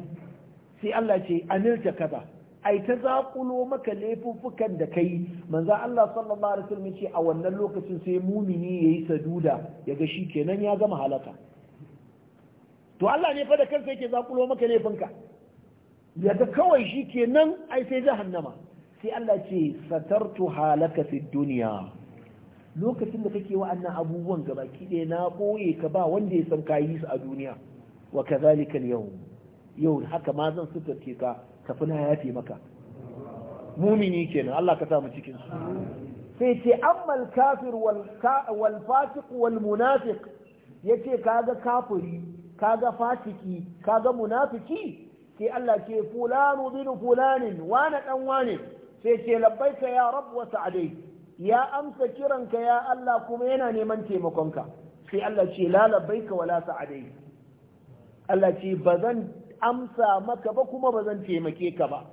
sai Allah ce amirta kaza ai ta zaƙulo maka laifuffukan da kai manzo Allah sallallahu alaihi wasallam ce a wannan lokacin sai mumini yayi saduda yaga shi kenan ya gama halaka to Allah ne fa da kansa yake zaƙulo maka laifinka yaga kawai shi kenan ai sai jahannama sai Allah ce satartu halaka fi duniya lokacin da kake wa'annan abubuwan gabaki ɗaya na ɓoye ka ba wanda ya san kayi su a duniya wa kazalika yau yau haka ma zan sutarke ka tafi na yafe maka mumini nan Allah ka sa mu cikin su sai ce ammal kafir wal fasiq wal munafiq yace kaga kafiri kaga fasiki kaga munafiki sai Allah ce fulanu bin fulanin wani dan wani sai ce labbaika ya rabb wa sa'adai ya amsa kiranka ya Allah kuma yana neman taimakonka sai Allah ce la labbaika wala sa'adai Allah ce ba zan amsa maka ba kuma ba zan taimake ka ba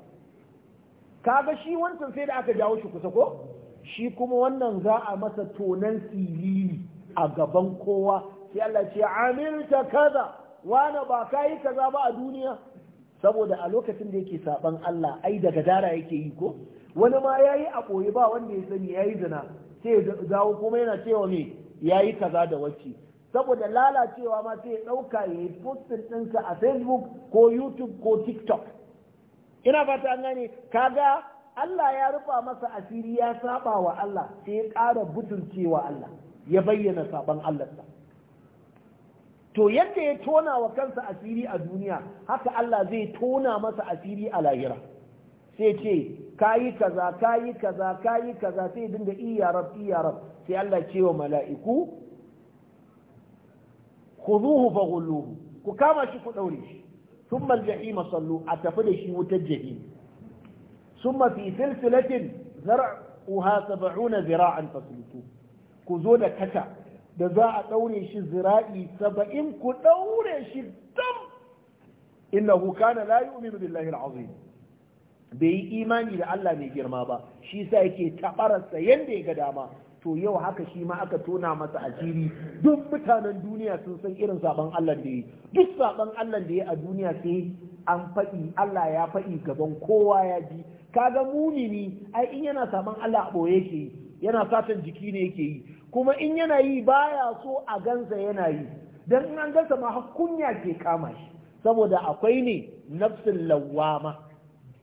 kaga shi wancan sai da aka jawo shi kusa ko shi kuma wannan za a masa tonan silili a gaban kowa sai Allah ce amilta kaza wani ba kayi kaza ba a duniya saboda a lokacin da yake saban Allah ai daga dara yake yi ko wani ma yayi a koyi ba wanda ya sani yayi zina sai dawo kuma yana cewa me yayi kaza da wacce saboda lalacewa ma sai ɗauka ya yi postin ɗinsa a facebook ko youtube ko tiktok ina fata an gane kaga Allah ya rufa masa asiri ya saba wa Allah sai ya ƙara butulcewa Allah ya bayyana saban Allahnsa to yadda ya tona wa kansa asiri a duniya haka Allah zai tona masa asiri a lahira sai ce kayi kaza kayi kaza kayi kaza sai dinga iya rab sai Allah ce wa mala'iku khuduhu faghulluhu ku kama shi ku daure shi thumma al-jahim sallu a tafi da shi wutar jahim thumma fi silsilatin zar'uha 70 zira'an fasluku ku zo da kata da za a daure shi zira'i 70 ku daure shi dam innahu kana la yu'minu billahi al-azim bai yi imani da Allah mai girma ba shi sa yake tabararsa yanda ya ga dama to yau haka shi ma aka tona masa asiri duk mutanen duniya sun san irin saban Allah da yi duk saban Allah da ya a duniya sai an faɗi Allah ya faɗi gaban kowa ya ji kaga ni ai in yana sabon Allah a boye yake yi yana satan jiki ne yake yi kuma in yana yi baya so a gansa yana yi dan in an gansa ma kunya ke kama shi saboda akwai ne nafsin lawama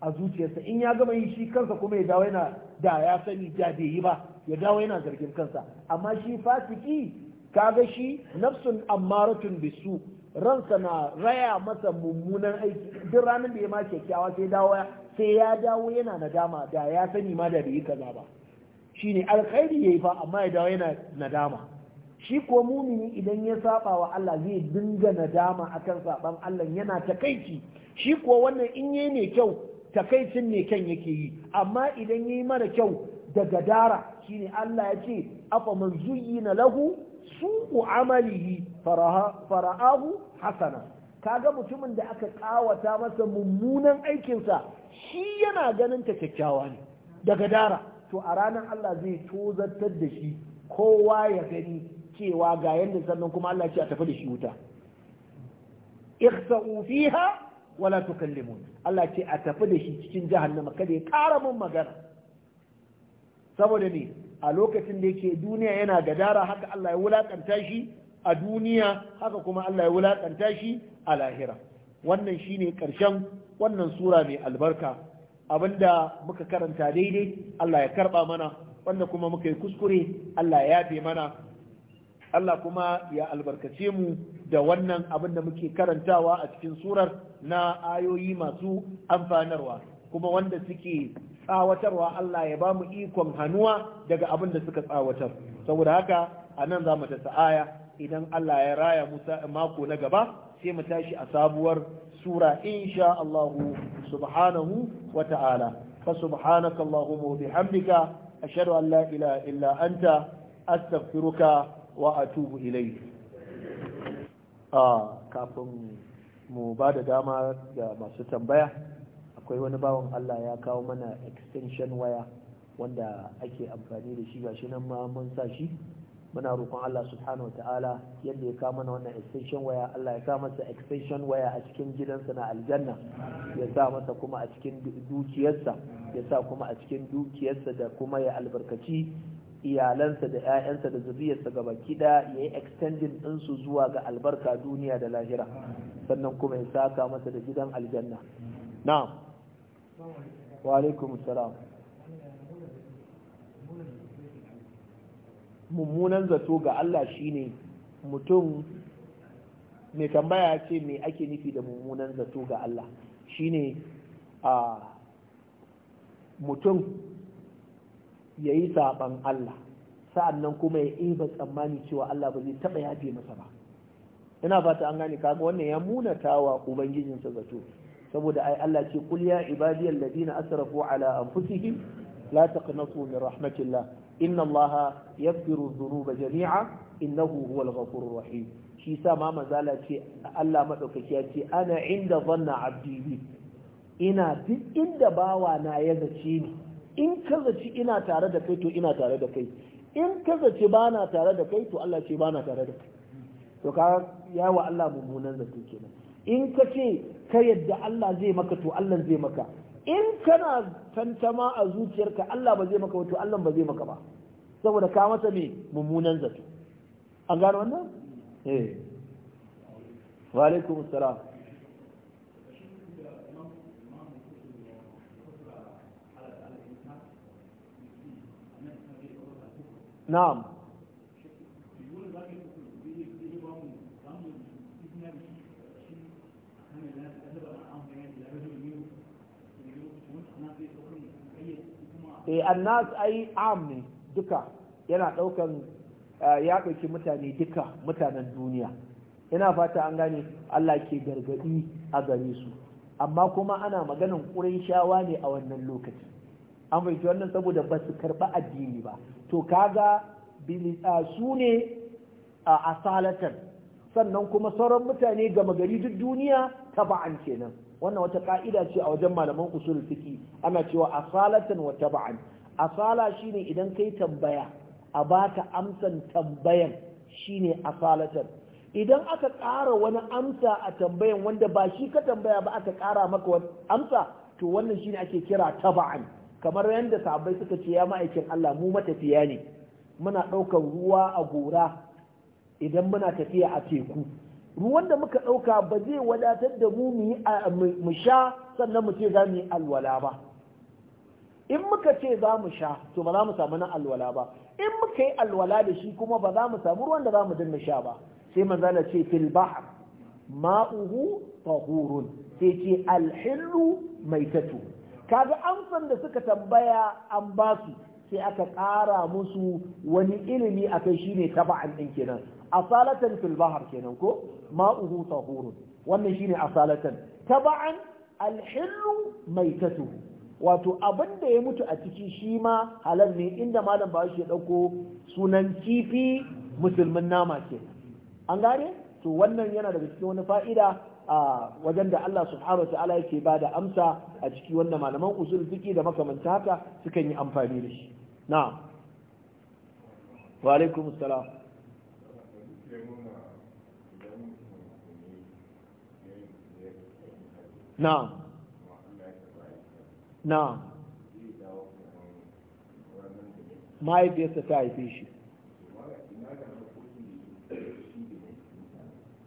a zuciyarsa in ya gama yi shi kansa kuma ya dawo yana da ya sani da bai yi ba ya dawo yana zargin kansa amma shi fasiki Ka ga shi nafsun ammaratun bisu ransa na raya masa mummunan aiki duk ranar da ya ma kyakkyawa sai dawo sai ya dawo yana nadama da ya sani ma da bai yi kaza ba shine alkhairi yayi fa amma ya dawo yana nadama shi ko mumini idan ya saba wa Allah zai dinga nadama akan saban Allah yana takaici shi ko wannan in yayi mai kyau takaicin ne kyan yake yi amma idan yayi mara kyau da gadara shine Allah ya ce afa man zuyyina lahu su'u amalihi fara'ahu hasana kaga mutumin da aka kawata masa mummunan aikinsa shi yana ganin ta kyakkyawa ne daga dara to a ranar Allah zai tozartar da shi kowa ya gani cewa ga yadda sannan kuma Allah ce a tafi da shi wuta ikhsa'u fiha wala tukallimun Allah ce a tafi da shi cikin jahannama kada ya ƙara mun magana saboda ne a lokacin da yake duniya yana gadara haka Allah ya wulakanta shi a duniya haka kuma Allah ya wulakanta shi a lahira wannan shine karshen wannan sura mai albarka abinda muka karanta daidai Allah ya karba mana wanda kuma muka yi kuskure Allah ya yafe mana Allah kuma ya albarkace mu da wannan abin da muke karantawa a cikin surar na ayoyi masu amfanarwa kuma wanda suke tsawatarwa Allah ya ba mu ikon hannuwa daga abin da suka tsawatar saboda haka a nan za mu ta sa'aya idan Allah ya raya musa mako na gaba sai mu tashi a sabuwar sura insha Allah subhanahu wa ta'ala fa subhanaka Allahumma wa bihamdika ashhadu an la ilaha illa anta astaghfiruka wa atubu ilayk a ah, kafin mu ba da dama ga masu tambaya akwai wani bawan Allah ya kawo mana extension waya wanda ake amfani da shi gashi nan ma mun sa shi muna roƙon Allah subhanahu wa ta'ala yadda ya kawo mana wannan extension waya Allah ya kawo masa extension waya a cikin gidansa na aljanna ya sa masa kuma a cikin dukiyarsa ya sa kuma a cikin dukiyarsa da kuma ya albarkaci iyalansa da 'ya'yansa da zuriyarsa ga baki ɗaya ya yi extending ɗinsu zuwa ga albarka duniya da lahira sannan kuma ya saka masa da gidan aljanna na'am wa alaikum mummunan zato ga Allah shine mutum mai tambaya ce mai ake nufi da mummunan zato ga Allah shine a mutum ya yi saɓan Allah sa'annan kuma ya ba tsammani cewa Allah ba zai taɓa yafe masa ba ina fata an gani kaga wannan ya munatawa wa ubangijinsa zato saboda ai Allah ce qul ya ibadiyal ladina asrafu ala anfusihim la taqnatu min rahmatillah inna Allah yaghfiru dhunuba jami'a innahu huwal ghafurur rahim shi sa ma manzala ce Allah madaukaki ya ce ana inda zanna abdi bi ina duk inda bawa na ya zace ni in ka zaci ina tare da kai to ina tare da kai in ka zaci bana tare da kai to Allah ce bana tare da kai to ka yawa Allah mummunan zato kenan in ka ce ka yadda Allah zai maka to Allah zai maka in kana tantama a zuciyarka Allah ba zai maka ba to Allah ba zai maka ba saboda ka masa me mummunan zato an gano wannan eh wa alaikum assalam na'am eh annas ai am ne duka yana daukan eh, ya dauki mutane duka mutanen duniya ina fata an gane Allah ke gargadi a gare su amma kuma ana maganan kurin shawa ne a wannan lokaci an fahimci wannan saboda ba su karɓi addini ba to kaga su ne a asalatan sannan kuma sauran mutane gama gari duk duniya ta ba'an kenan wannan wata ka'ida ce a wajen malaman usul siki, ana cewa asalatan wa tab'an asala shine idan kai tambaya a baka amsan tambayan shine asalatan idan aka ƙara wani amsa a tambayan wanda ba shi ka tambaya ba aka ƙara maka wani amsa to wannan shine ake kira taba'an kamar yadda sahabbai suka ce ya ma'aikin Allah mu matafiya ne muna ɗaukar ruwa a gora idan muna tafiya a teku ruwan da muka ɗauka ba zai wadatar da mu mu sha sannan mu ce za mu yi alwala ba in muka ce za mu sha to ba za mu samu na alwala ba in muka yi alwala da shi kuma ba za mu samu ruwan da za mu dinga sha ba sai manzala ce fil bahr ma'uhu tahurun sai ce alhillu maitatu kaga amsan da suka tambaya an ba su sai aka ƙara musu wani ilimi akai shine taba'an din kenan asalatan fil bahr kenan ko ma'uhu tahurun wannan shine asalatan taban alhillu maitatuhu wato abinda da ya mutu a ciki shi ma halal ne inda malam ba shi ya dauko sunan kifi musulmin nama ke an gane to wannan yana daga cikin wani fa'ida a wajen da Allah subhanahu wataala yake ba da amsa a ciki wanda malaman usul fiqi da makamanta haka sukan yi amfani da shi na'am wa a'laikum salam na na'am mahaifiyarsa ta haife shi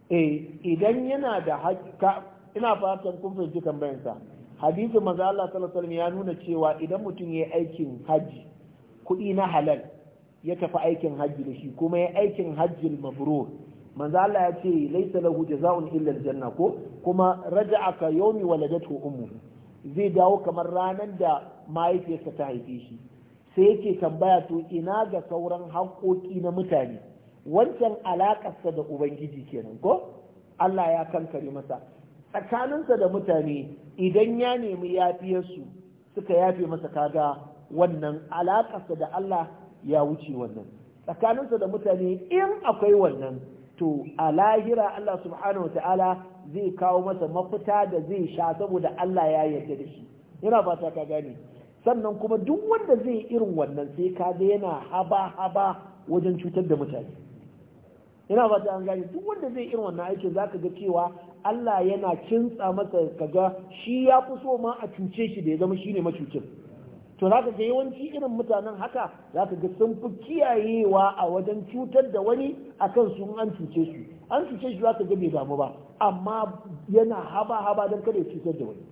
eh idan yana da hakka ina fatan kun fahimci tambayarsa hadisi manzo Allah sallallahu alaihi ya nuna cewa idan mutum yayi aikin haji kuɗi na halal ya tafi aikin hajji da shi kuma ya aikin hajjil mabrur manzo Allah ya ce laisa lahu jazaa'un illa aljanna ko kuma raja'a ka yawmi waladatu ummu zai dawo kamar ranar da mahaifiyarsa ta haife shi sai yake tambaya to ina ga sauran haƙoƙi na mutane wancan alaƙarsa da ubangiji kenan ko Allah ya kankare masa tsakaninsa da mutane idan ya nemi yafiyarsu suka yafe masa kaga wannan alaƙarsa da Allah ya wuce wannan tsakaninsa da mutane in akwai wannan to a lahira Allah subhanahu wata'ala zai kawo masa mafita da zai sha saboda Allah ya yarda da shi ina fata ka gane sannan kuma duk wanda zai irin wannan sai ka ga yana haba haba wajen cutar da mutane ina fata an gane duk wanda zai irin wannan aikin zaka ga cewa Allah yana kintsa masa kaga shi ya fi so ma a cuce shi da ya zama shine macucin to za ka ga yawanci irin mutanen haka za ka ga sun fi kiyayewa a wajen cutar da wani akan sun an cuce su an cuce shi za ka ga bai damu ba amma yana haba haba don kada ya cutar da wani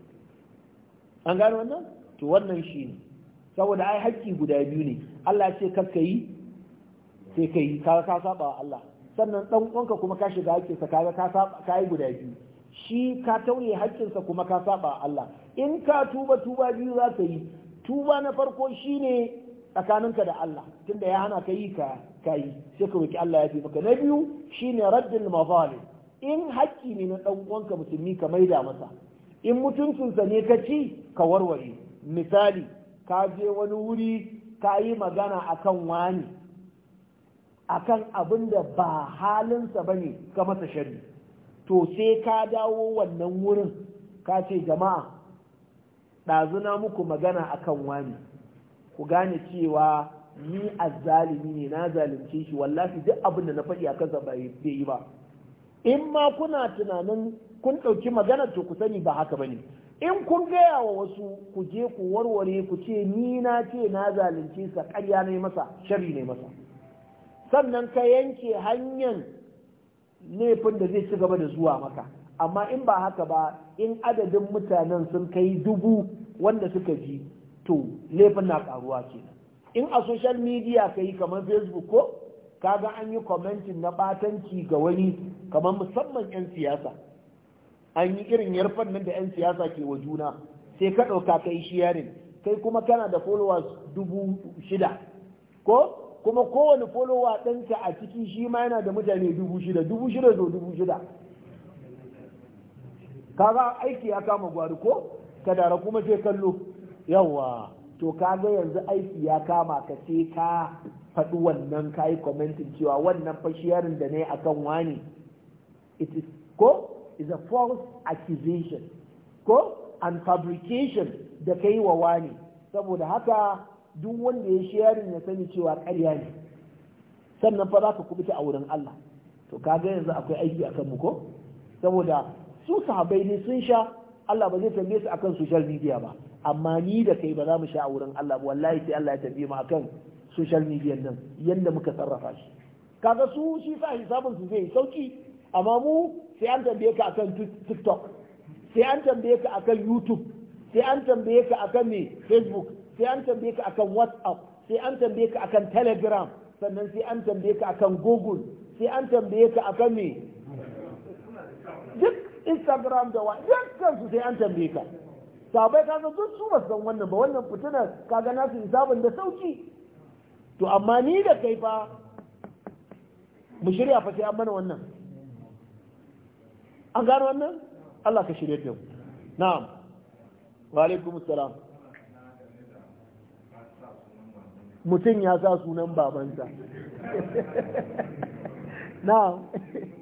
an gano wannan to wannan shi ne saboda ai haƙƙi guda biyu ne Allah ce kar ka yi sai ka yi ka ka saba wa Allah sannan dan uwanka kuma ka shiga sa ka ka saba ka yi guda biyu shi ka tauye haƙƙinsa kuma ka saba wa Allah in ka tuba tuba biyu za ka yi tuba na farko shine tsakaninka da Allah tunda ya hana ka yi ka kai sai ka roki Allah ya fi maka na biyu shine raddul mazalim in haƙƙi ne na ɗan uwanka musulmi ka maida masa in mutuncinsa ne ka ci ka warware misali ka je wani wuri ka yi magana akan wani akan abin da ba halinsa bane ka masa shari to sai ka dawo wannan wurin ka ce jama'a na muku magana akan wani ku gane cewa ni azzalimi ne na zalunce shi wallahi duk abin da na faɗi a kansa bai yi ba in ma kuna tunanin kun ɗauki magana to ku sani ba haka bane in kun gaya wa wasu ku je ku warware ku ce ni na ce na zalunce sa ƙarya ne masa shari ne masa sannan ka yanke hanyar laifin da zai ci gaba da zuwa maka amma in ba haka ba in adadin mutanen sun kai dubu wanda suka ji to laifin na karuwa kenan in a social media ka yi kamar facebook ko kaga an yi commenting na batanci ga wani kamar musamman 'yan siyasa an yi irin yarfan nan da 'yan siyasa ke wa juna sai ka ɗauka kai sharing kai kuma kana da followers dubu shida ko kuma kowane follower ɗinka a ciki shi ma yana da mutane dubu shida dubu shida zo dubu shida kaga aiki ya kama gwari ko ka dara kuma sai kallo yawa to kaga yanzu aiki ya kama ka sai ka faɗi wannan ka yi commenting cewa wannan fashiyarin da ne akan wani it is ko is a false accusation ko and fabrication da ka yi wa wani saboda haka duk wanda ya shiyarin ya sani cewa karya ne sannan fa za ka kubuta a wurin Allah to kaga yanzu akwai aiki akan mu ko saboda su sahabbai ne sun sha Allah ba zai tambaye su akan social media ba amma ni da kai ba za mu sha a wurin Allah ba wallahi sai Allah ya tambaye mu akan social media nan yadda muka sarrafa shi kaga su shi sa hisabin su zai sauki amma mu sai an tambaye ka akan TikTok sai an tambaye ka akan YouTube sai an tambaye ka akan me Facebook sai an tambaye ka akan WhatsApp sai an tambaye ka akan Telegram sannan sai an tambaye ka akan Google sai an tambaye ka akan me duk instagram da wa dukkan su sai an tambaye ka sabai kaga duk su ba san wannan ba wannan fitinar kaga nasu hisabin da sauki to amma ni da kai fa mu shirya fa sai an mana wannan an gano wannan Allah ka shirya da mu na'am wa alaikum salam mutum ya sa sunan babansa na'am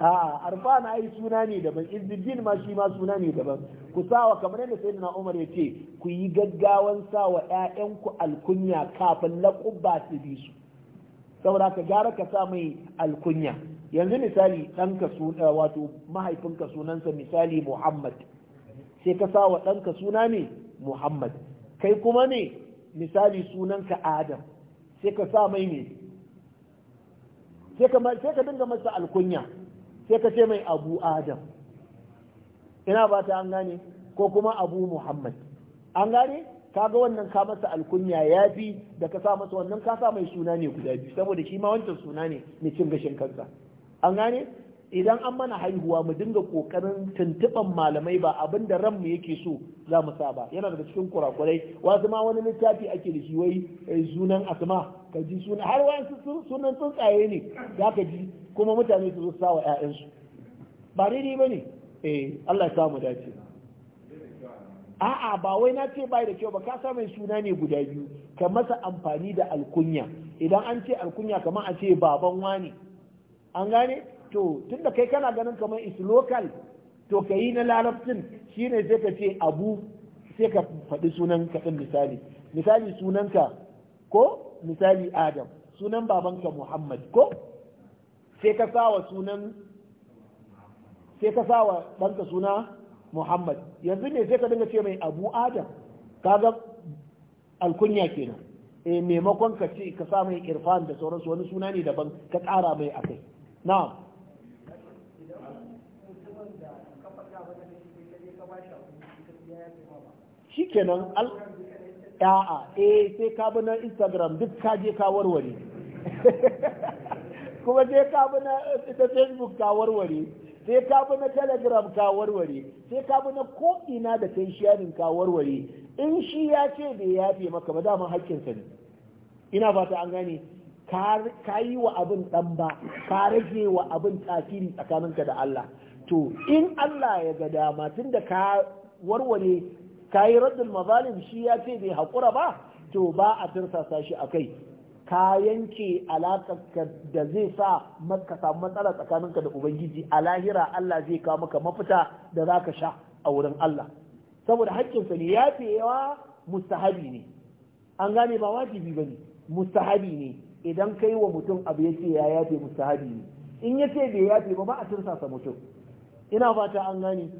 a'a na ai suna ne daban izzuddin ma shi ma suna ne daban ku sawa kamar yadda sayyidina Umar ya ce ku yi gaggawan sawa ƴaƴanku alkunya kafin laqubba su bi su saboda ka gara ka sa mai alkunya yanzu misali ka suna eh, wato mahaifinka sunansa misali Muhammad sai ka sa wa ɗanka suna ne Muhammad kai kuma ne misali sunanka Adam sai ka sa mai ne sai ka dinga masa alkunya sai ka ce mai abu adam ina ba ta an gane ko kuma abu muhammad an gane kaga wannan ka masa alkunya ya fi da ka sa masa wannan ka sa mai suna ne guda biyu saboda shi ma wancan suna ne mai cin gashin kansa an gane idan an mana haihuwa mu dinga kokarin tuntuban malamai ba abin da mu yake so za mu sa ba yana daga cikin kurakurai wasu ma wani littafi ake da shi wai eh, sunan asma ka ji suna har wani sunan tsuntsaye ne za ka ji kuma mutane su zo sa wa 'yayansu ba daidai ba ne eh Allah ya samu dace a'a ba wai na ce bai da kyau ba ka sa mai suna ne guda biyu ka masa amfani da alkunya idan an ce alkunya kamar a ce baban wani an gane to tunda kai kana ganin kamar is local to ka yi na larabcin shine sai ka ce abu sai ka faɗi sunan ka misali misali sunanka ko misali adam sunan babanka muhammad ko sai ka sawa sunan sai ka sawa ɗanka suna Muhammad yanzu ne sai ka dinga ce mai Abu Adam kaga alkunya kenan e maimakon ka ce ka sa mai Irfan da sauransu wani suna ne daban ka ƙara mai akai na'am shikenan al a'a eh sai ka bi na Instagram duk ka je ka warware kuma sai ka bi na ita facebook ka warware sai ka na telegram ka warware sai ka bi na ko'ina da kai sharing ka warware in shi ya ce bai yafe maka ba dama haƙƙinsa ne ina fata an gane ka yi wa abin ɗan ba ka rage wa abin tasiri ka da Allah to in Allah ya ga dama tun da ka warware ka yi raddul mazalim shi ya ce bai haƙura ba to ba a tursasa shi a kai ka yanke alaƙarka da zai sa maka samu matsala tsakaninka da ubangiji a lahira Allah zai kawo maka mafita da za ka sha a wurin Allah saboda haƙƙinsa ne ya yawa mustahabi ne an gane ba wajibi ba ne mustahabi ne idan kai wa mutum abu ya ce ya yafe mustahabi ne in ya ce bai yafe ba ba a tursasa mutum ina fata an gane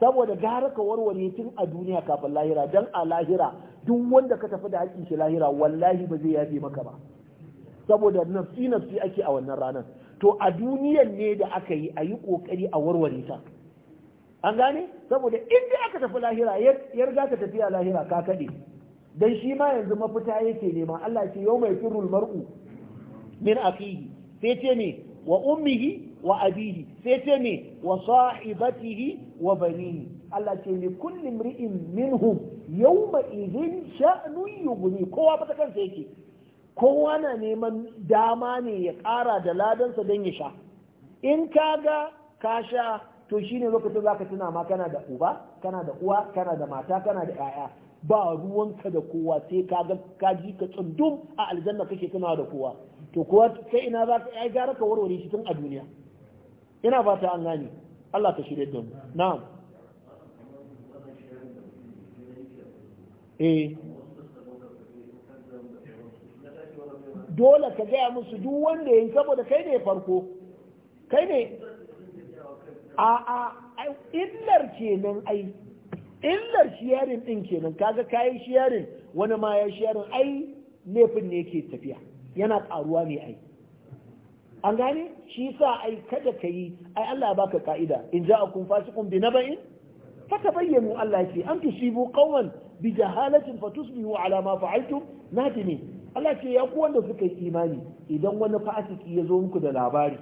saboda gara ka warware tun a duniya kafin lahira don a lahira duk wanda ka tafi da haƙƙin shi lahira wallahi ba zai yafe maka ba saboda nafsi nafsi ake a wannan ranar to a duniyar ne da aka yi a yi ƙoƙari a warware ta an gane saboda inda aka tafi lahira yar za ka tafiya lahira ka kaɗe dan shi ma yanzu mafita yake nema Allah ce yau mai firul mar'u min akihi sai ce ne wa ummihi wa abihi sai ce ne wa sahibatihi wa banihi Allah ce ne kullum ri'in minhum yawma idin shanu yughni kowa fata kansa yake kowa na neman dama ne ya ƙara da ladansa don ya sha in ka ga ka sha to shine lokacin zaka tuna ma kana da uba kana da uwa kana da mata kana da 'ya'ya ba ruwanka da kowa sai ka ga ka ji ka tsundum a aljanna kake tunawa da kowa to kowa sai ina za ka ai gara ka warware shi tun a duniya ina fata an gane Allah ka shirye da mu na'am eh dole ka gaya musu duk wanda ya yi saboda kai ne farko kai ne a a illar kenan ai illar shiyarin din kenan kaga kayan shiyarin wani ma ya shiyarin ai laifin ne ke tafiya yana karuwa ne ai an gane shi sa ai kada ka yi ai Allah ya baka ka'ida in ja'akum fasiqun bi naba'in fatabayyanu Allah yake ce an tusibu qauman bi jahalatin tusbihu ala ma fa'altum nadimin Allah ce ya ku wanda suka yi imani idan wani fasiki ya zo muku da labari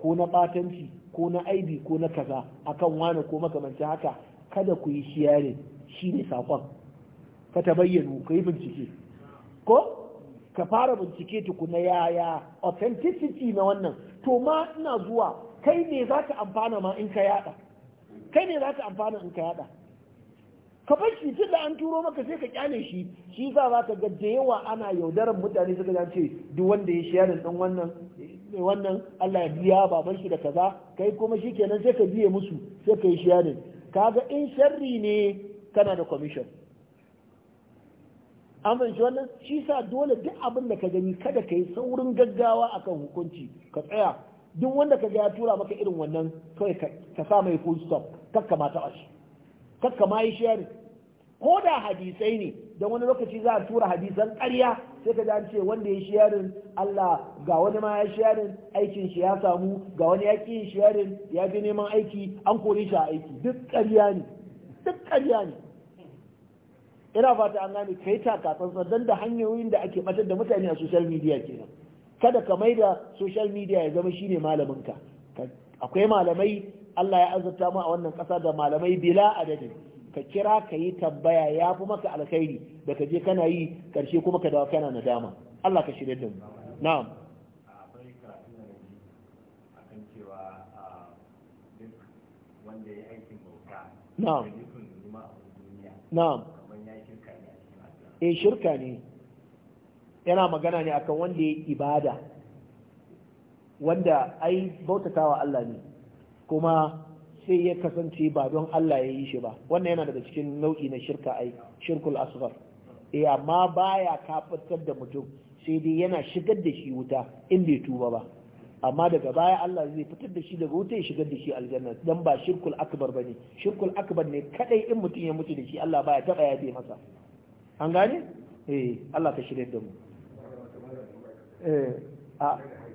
ko na batanci ko na aibi ko na kaza akan wani ko makamanci haka kada ku yi shiyare shi ne sakon. ka ta bayyana ka yi bincike ko ka fara bincike tukuna yaya authenticity na wannan to ma ina zuwa kai ne za ka amfana ma in ka yada kai ne za ka amfana in ka yada ka bar shi tun da an turo maka sai ka kyale shi shi za ba ka ga da yawa ana yaudarar mutane suka ga ce duk wanda ya da ɗan wannan wannan Allah ya biya baban shi da kaza kai kuma shi kenan sai ka biye musu sai ka yi da kaga in sharri ne kana da commission amin shi wannan shi sa dole duk abin da ka gani kada ka yi saurin gaggawa akan hukunci ka tsaya duk wanda ka ga ya tura maka irin wannan kawai ka sa mai full stop kakka ma shi kakka ma yi shari ko da hadisai ne don wani lokaci za a tura hadisan ƙarya sai ka an ce wanda ya shari Allah ga wani ma ya sharing aikin shi ya samu ga wani ya ƙi sharing ya fi neman aiki an kore shi a aiki duk ƙarya ne duk ƙarya ne ina fata an gane kai takatsantsan don da hanyoyin da ake matar da mutane a social media kenan kada ka mai da social media ya zama shine malaminka akwai malamai Allah ya azurta mu a wannan ƙasa da malamai bila adadin ka kira ka yi tambaya ya fi maka alkhairi da ka je kana yi ƙarshe kuma ka dawo kana nadama Allah ka shirya da mu na'am na'am na'am eh, shirka ne yana magana ne akan wanda ya ibada wanda ai bautatawa Allah ne kuma sai ya kasance ba don Allah ya yi shi ba wannan yana daga cikin nau'i na shirka ai shirkul asghar eh amma baya kafirtar da mutum sai dai yana shigar da shi wuta in bai tuba ba amma daga baya Allah zai fitar da shi daga wuta ya shigar da shi aljanna dan ba shirkul akbar bane shirkul akbar ne kadai in mutum ya mutu da shi Allah baya taba ya bai masa an gane eh Allah ka shirye da mu eh a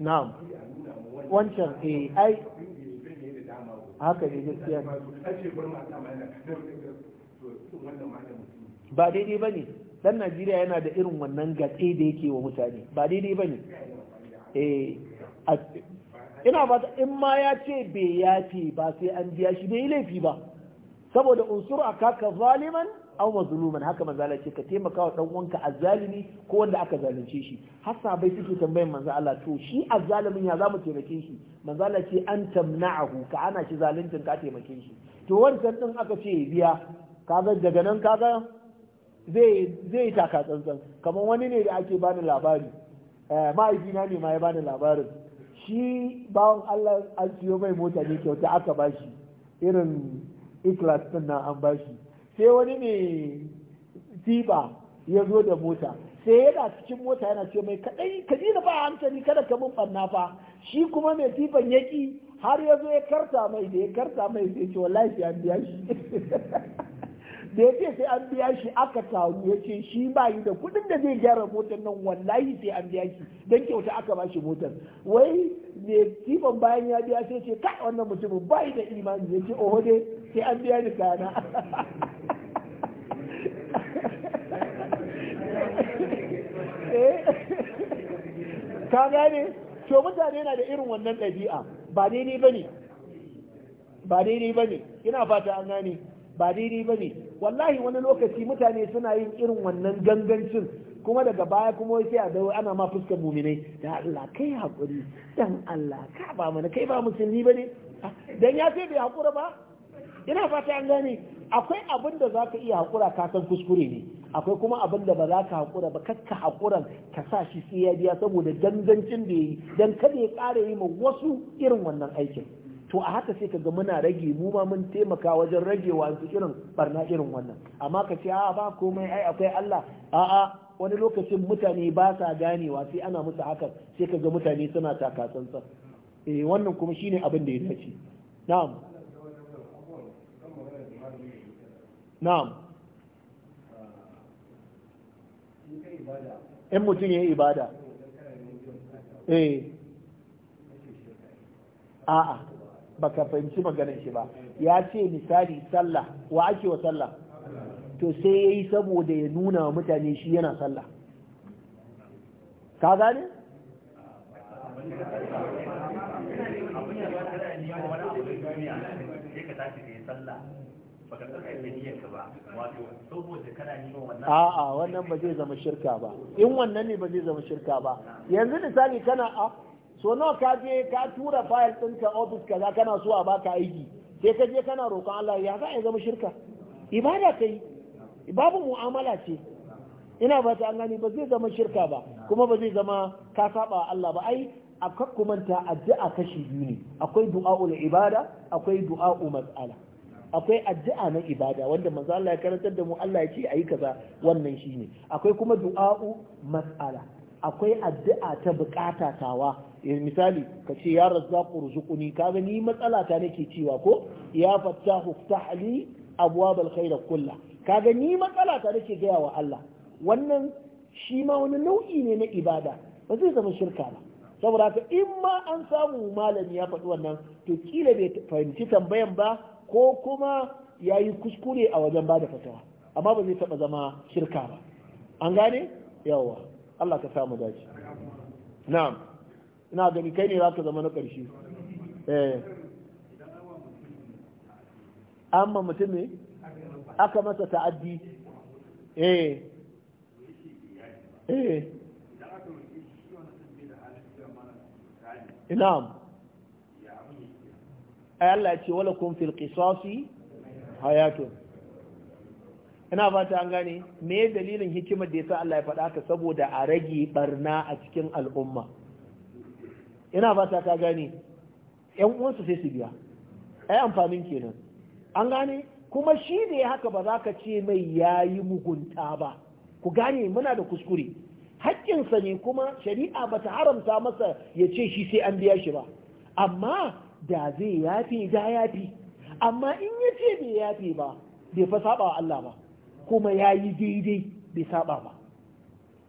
na'am wancan eh ai haka ne gaskiya ba daidai ba ne dan najeriya yana da irin wannan gatse da yake wa mutane ba daidai ba ne eh, ina ba in ma ya ce bai yafe ba sai an biya shi bai laifi ba saboda unsur a kaka zaliman aw mazluman haka manzo ce ka taimaka wa dan uwanka azzalimi ko wanda aka zalunce shi har bai suke tambayan manzo Allah to shi azzalimin ya zamu taimake shi manzo ce an tamna'ahu ka ana shi zaluncin ka taimake shi to wancan din aka ce biya kaga daga nan kaga zai zai taka tsantsan kamar wani ne da ake bani labari eh, mahaifina ne ma ya bani labarin shi bawan Allah an siyo mai mota ne kyauta aka bashi irin iklas din nan an bashi sai wani mai tiba ya zo da mota sai yana cikin mota yana ce mai kadai ka ji ba hankali kada ka mun banna fa shi kuma mai tifan yaki har ya zo ya karta mai da ya karta mai sai ce wallahi sai an biya shi da ya sai an biya shi aka taru ya ce shi ba yi da kudin da zai gyara motar nan wallahi sai an biya shi don kyauta aka ba shi motar wai ne tiban bayan ya biya sai ce ka wannan mutumin ba yi da imani ya ce oho dai sai an biya ni kana Eh? ka gane to mutane na da irin wannan ɗabi'a ba daidai ba ne ba daidai ba ne ina fata an gane ba daidai ba ne wallahi wani lokaci mutane suna yin irin wannan gangancin kuma daga baya kuma sai a dawo ana ma fuskar muminai da Allah kai hakuri dan Allah ka ba mana kai ba musulmi ba ne dan ya ce bai hakura ba ina fata an gane akwai abin da zaka iya hakura ka san kuskure ne akwai kuma abin da ba za ka haƙura ba kakka haƙuran ka sa shi sai ya biya saboda dangancin da ya yi don kada ya ƙara yi ma wasu irin wannan aikin to a haka sai ka ga muna rage mu ma mun taimaka wajen rage wasu irin barna irin wannan amma ka ce a ba komai ai akwai Allah a'a wani lokacin mutane ba sa ganewa sai ana musu haka sai ka ga mutane suna takasansa eh wannan kuma shine abin da ya dace na'am na'am in mutum ya yi ibada eh a'a baka fahimci maganar shi ba ya ce misali sallah wa ake wa sallah to sai ya yi saboda ya nuna wa mutane shi yana sallah ka gane? a a'a wannan ba zai zama shirka ba in wannan ne ba zai zama shirka ba yanzu misali kana a ah, so nawa ka je ka tura fayil ɗinka ofis kaza kana so a baka aiki sai ka je kana roƙon Allah ya za a zama shirka ibada kai babu mu'amala ce ina ba ta an gani ba zai zama shirka ba kuma ba zai zama ka saba Allah ba ai a kakkumanta addu'a kashi biyu ne akwai du'a'ul ibada akwai du'a mas'ala akwai addu'a na ibada wanda manzo Allah ya karantar da mu Allah ya ce ayi kaza wannan shine akwai kuma du'a'u mas'ala akwai addu'a ta bukata tawa eh, misali ka ce ya razzaqu ruzuquni kaga ni matsala ta nake cewa ko ya fattahu ftah li abwabal khair kullah kaga ni matsala ta nake gaya wa Allah wannan shi ma wani nau'i ne na ibada ba zai zama shirka ba saboda haka in ma an samu malami ya faɗi wannan to kila bai fahimci tambayan ba ko kuma ya yi kuskure a wajen ba da fatawa amma ba zai taɓa zama shirka ba an gane yawa Allah ka samu dace na'am ina gani kai ne za ka zama na ƙarshe eh amma mutum ne aka masa ta'addi eh eh na'am Allah ya ce wala kun fil qisasi hayatun ina fata an gane me dalilin hikimar da yasa Allah ya faɗa ka saboda a rage barna a cikin al'umma ina fata ka gane ƴan uwansu sai su biya ai amfanin kenan an gane kuma shi da ya haka ba za ka ce mai yayi mugunta ba ku gane muna da kuskure haƙƙinsa ne kuma shari'a ba ta haramta masa ya ce shi sai an biya shi ba amma da zai yafe da yafi amma in ya ce bai yafe ba bai fa saba wa Allah ba kuma ya yi daidai bai saba ba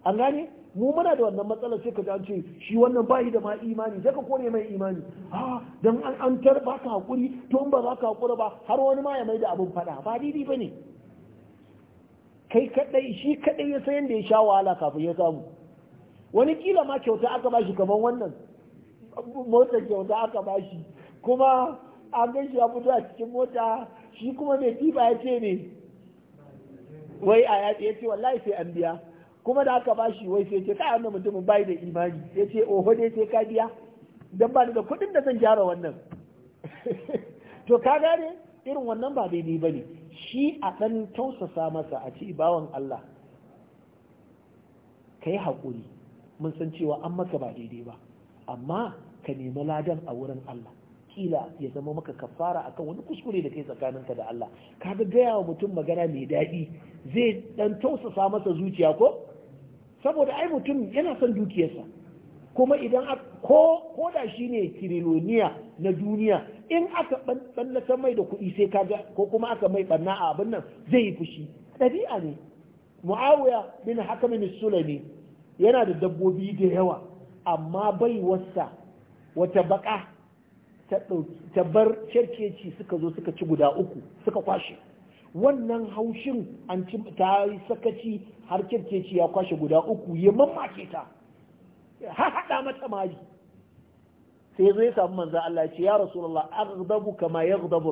an gane mu muna da wannan matsalar sai ka ji an ce shi wannan bayi da ma imani sai ka kore mai imani ha dan an an tar ba ka hakuri to ba za ka hakura ba har wani ma ya mai da abun fada ba ba bane kai kadai shi kadai ya san yanda ya sha wahala kafin ya samu wani kila ma kyauta aka bashi kamar wannan motsa kyauta aka bashi kuma an gan shi ya fito a cikin mota shi kuma mai tifa ya ce ne wai a ya ce wallahi sai an biya kuma da aka ba shi wai sai ce kai wannan mutumin bai da imani ya ce oho dai sai ka biya dan ba da kuɗin da zan gyara wannan to ka gane irin wannan ba daidai ne. shi a ɗan tausasa masa a ci bawan Allah ka yi haƙuri mun san cewa an maka ba daidai ba amma ka nemi ladan a wurin Allah kila ya zama maka kafara akan wani kuskure da kai tsakaninka da Allah kaga gaya wa mutum magana mai daɗi zai dan tausasa masa zuciya ko saboda ai mutum yana son dukiyarsa kuma idan ko ko da shine kiriloniya na duniya in aka ballata mai da kuɗi sai kaga ko kuma aka mai banna a abin nan zai yi fushi ɗabi'a ne muawiya bin hakamin sulami yana da dabbobi da yawa amma bai wasa wata baka tabbar bar suka zo suka ci guda uku suka kwashe wannan haushin an ci ta yi sakaci har cerkeci ya kwashe guda uku ya mamake ta har hada mata mari sai zo samu manzo Allah ya ce ya rasulullah aghdabu kama yaghdabu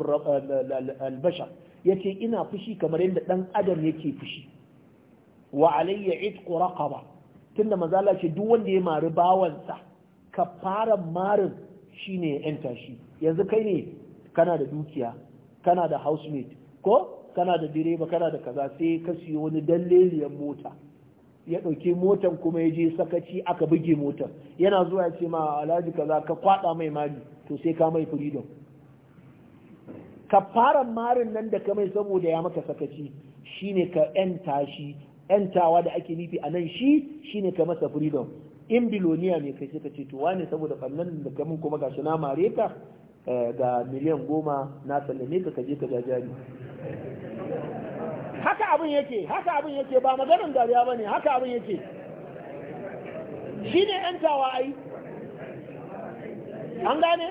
al-bashar yace ina fushi kamar yadda dan adam yake fushi wa alayya itqu raqaba tunda manzo Allah ce duk wanda ya mari bawansa kafaran marin shine ya yanta shi yanzu kai ne kana da dukiya kana da housemate ko kana da direba kana da kaza sai ka siyo wani dalleliyar mota ya ɗauki motan kuma ya je sakaci aka buge motar yana zuwa ya ce ma alhaji kaza ka kwaɗa mai mari to sai ka mai freedom ka fara marin nan da ka mai saboda ya maka sakaci shine ka yanta shi yantawa da ake nufi a nan shi shine ka masa freedom in biloniya ne kai sai ce tuwa ne saboda fannan da kamun kuma ga shi na mare ka eh, ga miliyan goma na sallame ka kaje ka jajari haka abin yake haka abin yake ba maganin dariya ba ne haka abin yake shi ne yantawa ai an gane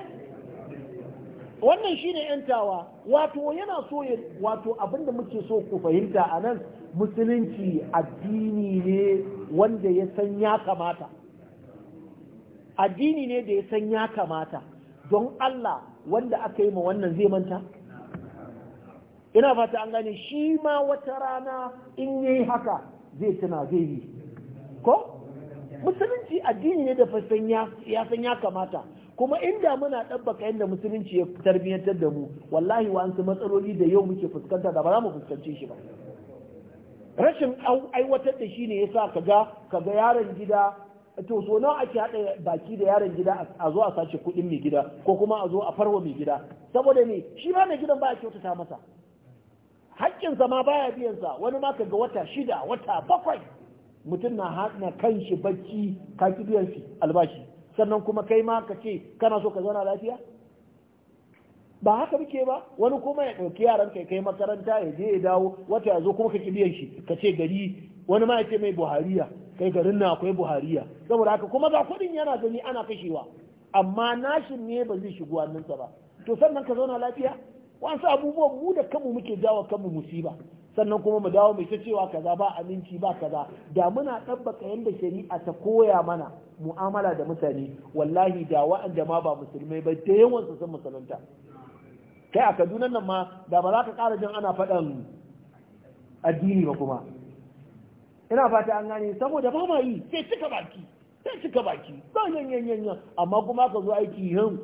wannan shi ne yantawa wato yana so wato abin da muke so ku fahimta a nan musulunci addini ne wanda ya san ya kamata addini ne da ya san ya kamata don Allah wanda aka yi ma wannan zai manta ina fata an gane shi ma wata rana in yi haka zai tuna zai yi ko musulunci addini ne da fasan ya san ya kamata kuma inda muna ɗabbaka yadda musulunci ya tarbiyyantar da mu wallahi wa matsaloli da yau muke fuskanta da ba za mu fuskance shi ba rashin aiwatar da shi ne ya sa kaga kaga yaron gida to so nawa ake haɗa baki da yaron gida a zo a sace kuɗin mai gida ko kuma a zo a farwa mai gida saboda ne shi ma mai gidan ba a kyautata masa haƙƙinsa ma baya biyansa wani ma kaga wata shida wata bakwai mutum na kan shi bacci ka ki biyan shi albashi sannan kuma kai ma ka ce kana so ka zauna lafiya ba haka muke ba wani kuma ya ɗauki yaran kai kai makaranta ya je ya dawo wata ya zo kuma ka ki biyan shi ka ce gari wani ma ya ce mai buhariya kai garin na akwai buhariya saboda haka kuma ga kuɗin yana gani ana kashewa amma nashin ne ba zai shigo hannunsa ba to sannan ka zauna lafiya wasu abubuwan mu da kanmu muke dawo kanmu musiba sannan kuma mu dawo mai ta cewa kaza ba aminci ba kaza da muna tabbaka yadda shari'a ta koya mana mu'amala da mutane wallahi da wa'anda ma ba musulmai ba da yawan sun musulunta kai a kaduna nan ma da ba za ka ƙara jin ana faɗan addini ba kuma ina fata an gane saboda ba ma yi sai cika baki sai cika baki ba yan yan yan amma kuma ka zo aiki yin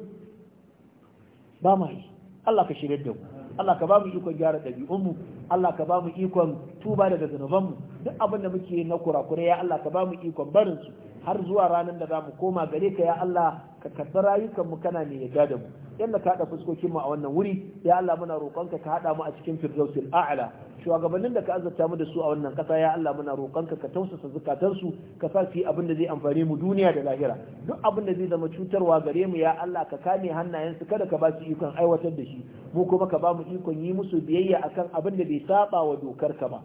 ba ma yi Allah ka shirya da mu Allah ka ba mu ikon gyara mu. Allah ka ba mu ikon tuba daga mu. duk abin da muke na kurakure ya Allah ka ba mu ikon barinsu har zuwa ranar da za mu koma gare ka ya Allah ka yukan rayukanmu kana ne yarda da mu yalla ka haɗa fuskokin mu a wannan wuri ya Allah muna roƙonka ka haɗa mu a cikin firdausil a'la shugabannin da ka azurta mu da su a wannan ƙasa ya Allah muna roƙonka ka tausasa zukatansu ka sa su abin da zai amfani mu duniya da lahira duk abin da zai zama cutarwa gare mu ya Allah ka kame hannayensu kada ka ba su ikon aiwatar da shi mu kuma ka ba mu ikon yi musu biyayya akan abin da bai saba wa dokar ka ba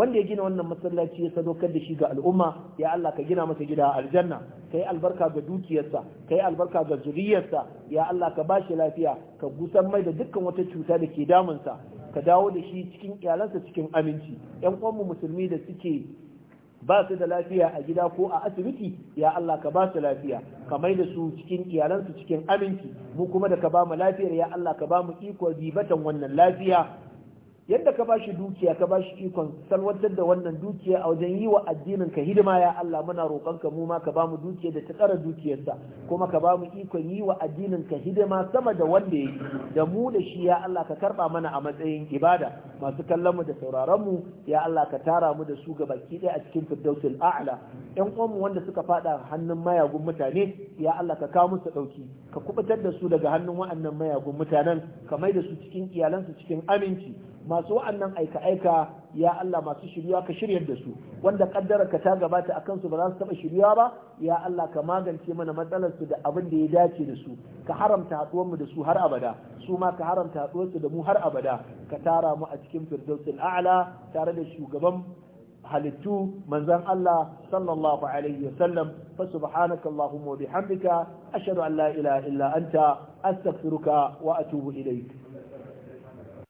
wanda ya gina wannan masallaci ya sadaukar da shi ga al'umma ya Allah ka gina masa gida aljanna kai albarka ga dukiyarsa kai albarka ga zuriyarsa ya Allah ka ba shi lafiya ka gusan mai da dukkan wata cuta da ke damunsa ka dawo da shi cikin iyalansa cikin aminci yan mu musulmi da suke ba su da lafiya a gida ko a asibiti ya Allah ka ba su lafiya ka mai da su cikin iyalansa cikin aminci mu kuma da ka ba mu lafiyar ya Allah ka ba mu iko ribatan wannan lafiya yadda ka bashi dukiya ka bashi ikon salwantar da wannan dukiya a wajen yi wa addinin ka hidima ya Allah muna roƙon ka mu ma ka bamu dukiya da ta tsara dukiyarsa kuma ka bamu ikon yi wa addinin ka hidima sama da wanda ya da mu da shi ya Allah ka karba mana a matsayin ibada masu kallon mu da sauraron mu ya Allah ka tara mu da su gabaki ɗaya a cikin firdausul a'la ƴan uwan mu wanda suka faɗa hannun mayagun mutane ya Allah ka kawo musu ɗauki, ka kubutar da su daga hannun waɗannan mayagun mutanen ka mai da su cikin iyalansu cikin aminci masu wa'annan aika-aika ya Allah masu shiryuwa ka shiryar da su wanda kaddararka ta gabata akan su ba za su taba shirya ba ya Allah ka magance mana matsalar su da abin da ya dace da su ka haramta haduwar mu da su har abada su ma ka haramta haduwar su da mu har abada ka tara mu a cikin firdausul a'la tare da shugaban halittu manzon Allah sallallahu alaihi wasallam fa subhanaka allahumma wa bihamdika ashhadu an la ilaha illa anta astaghfiruka wa atubu ilaik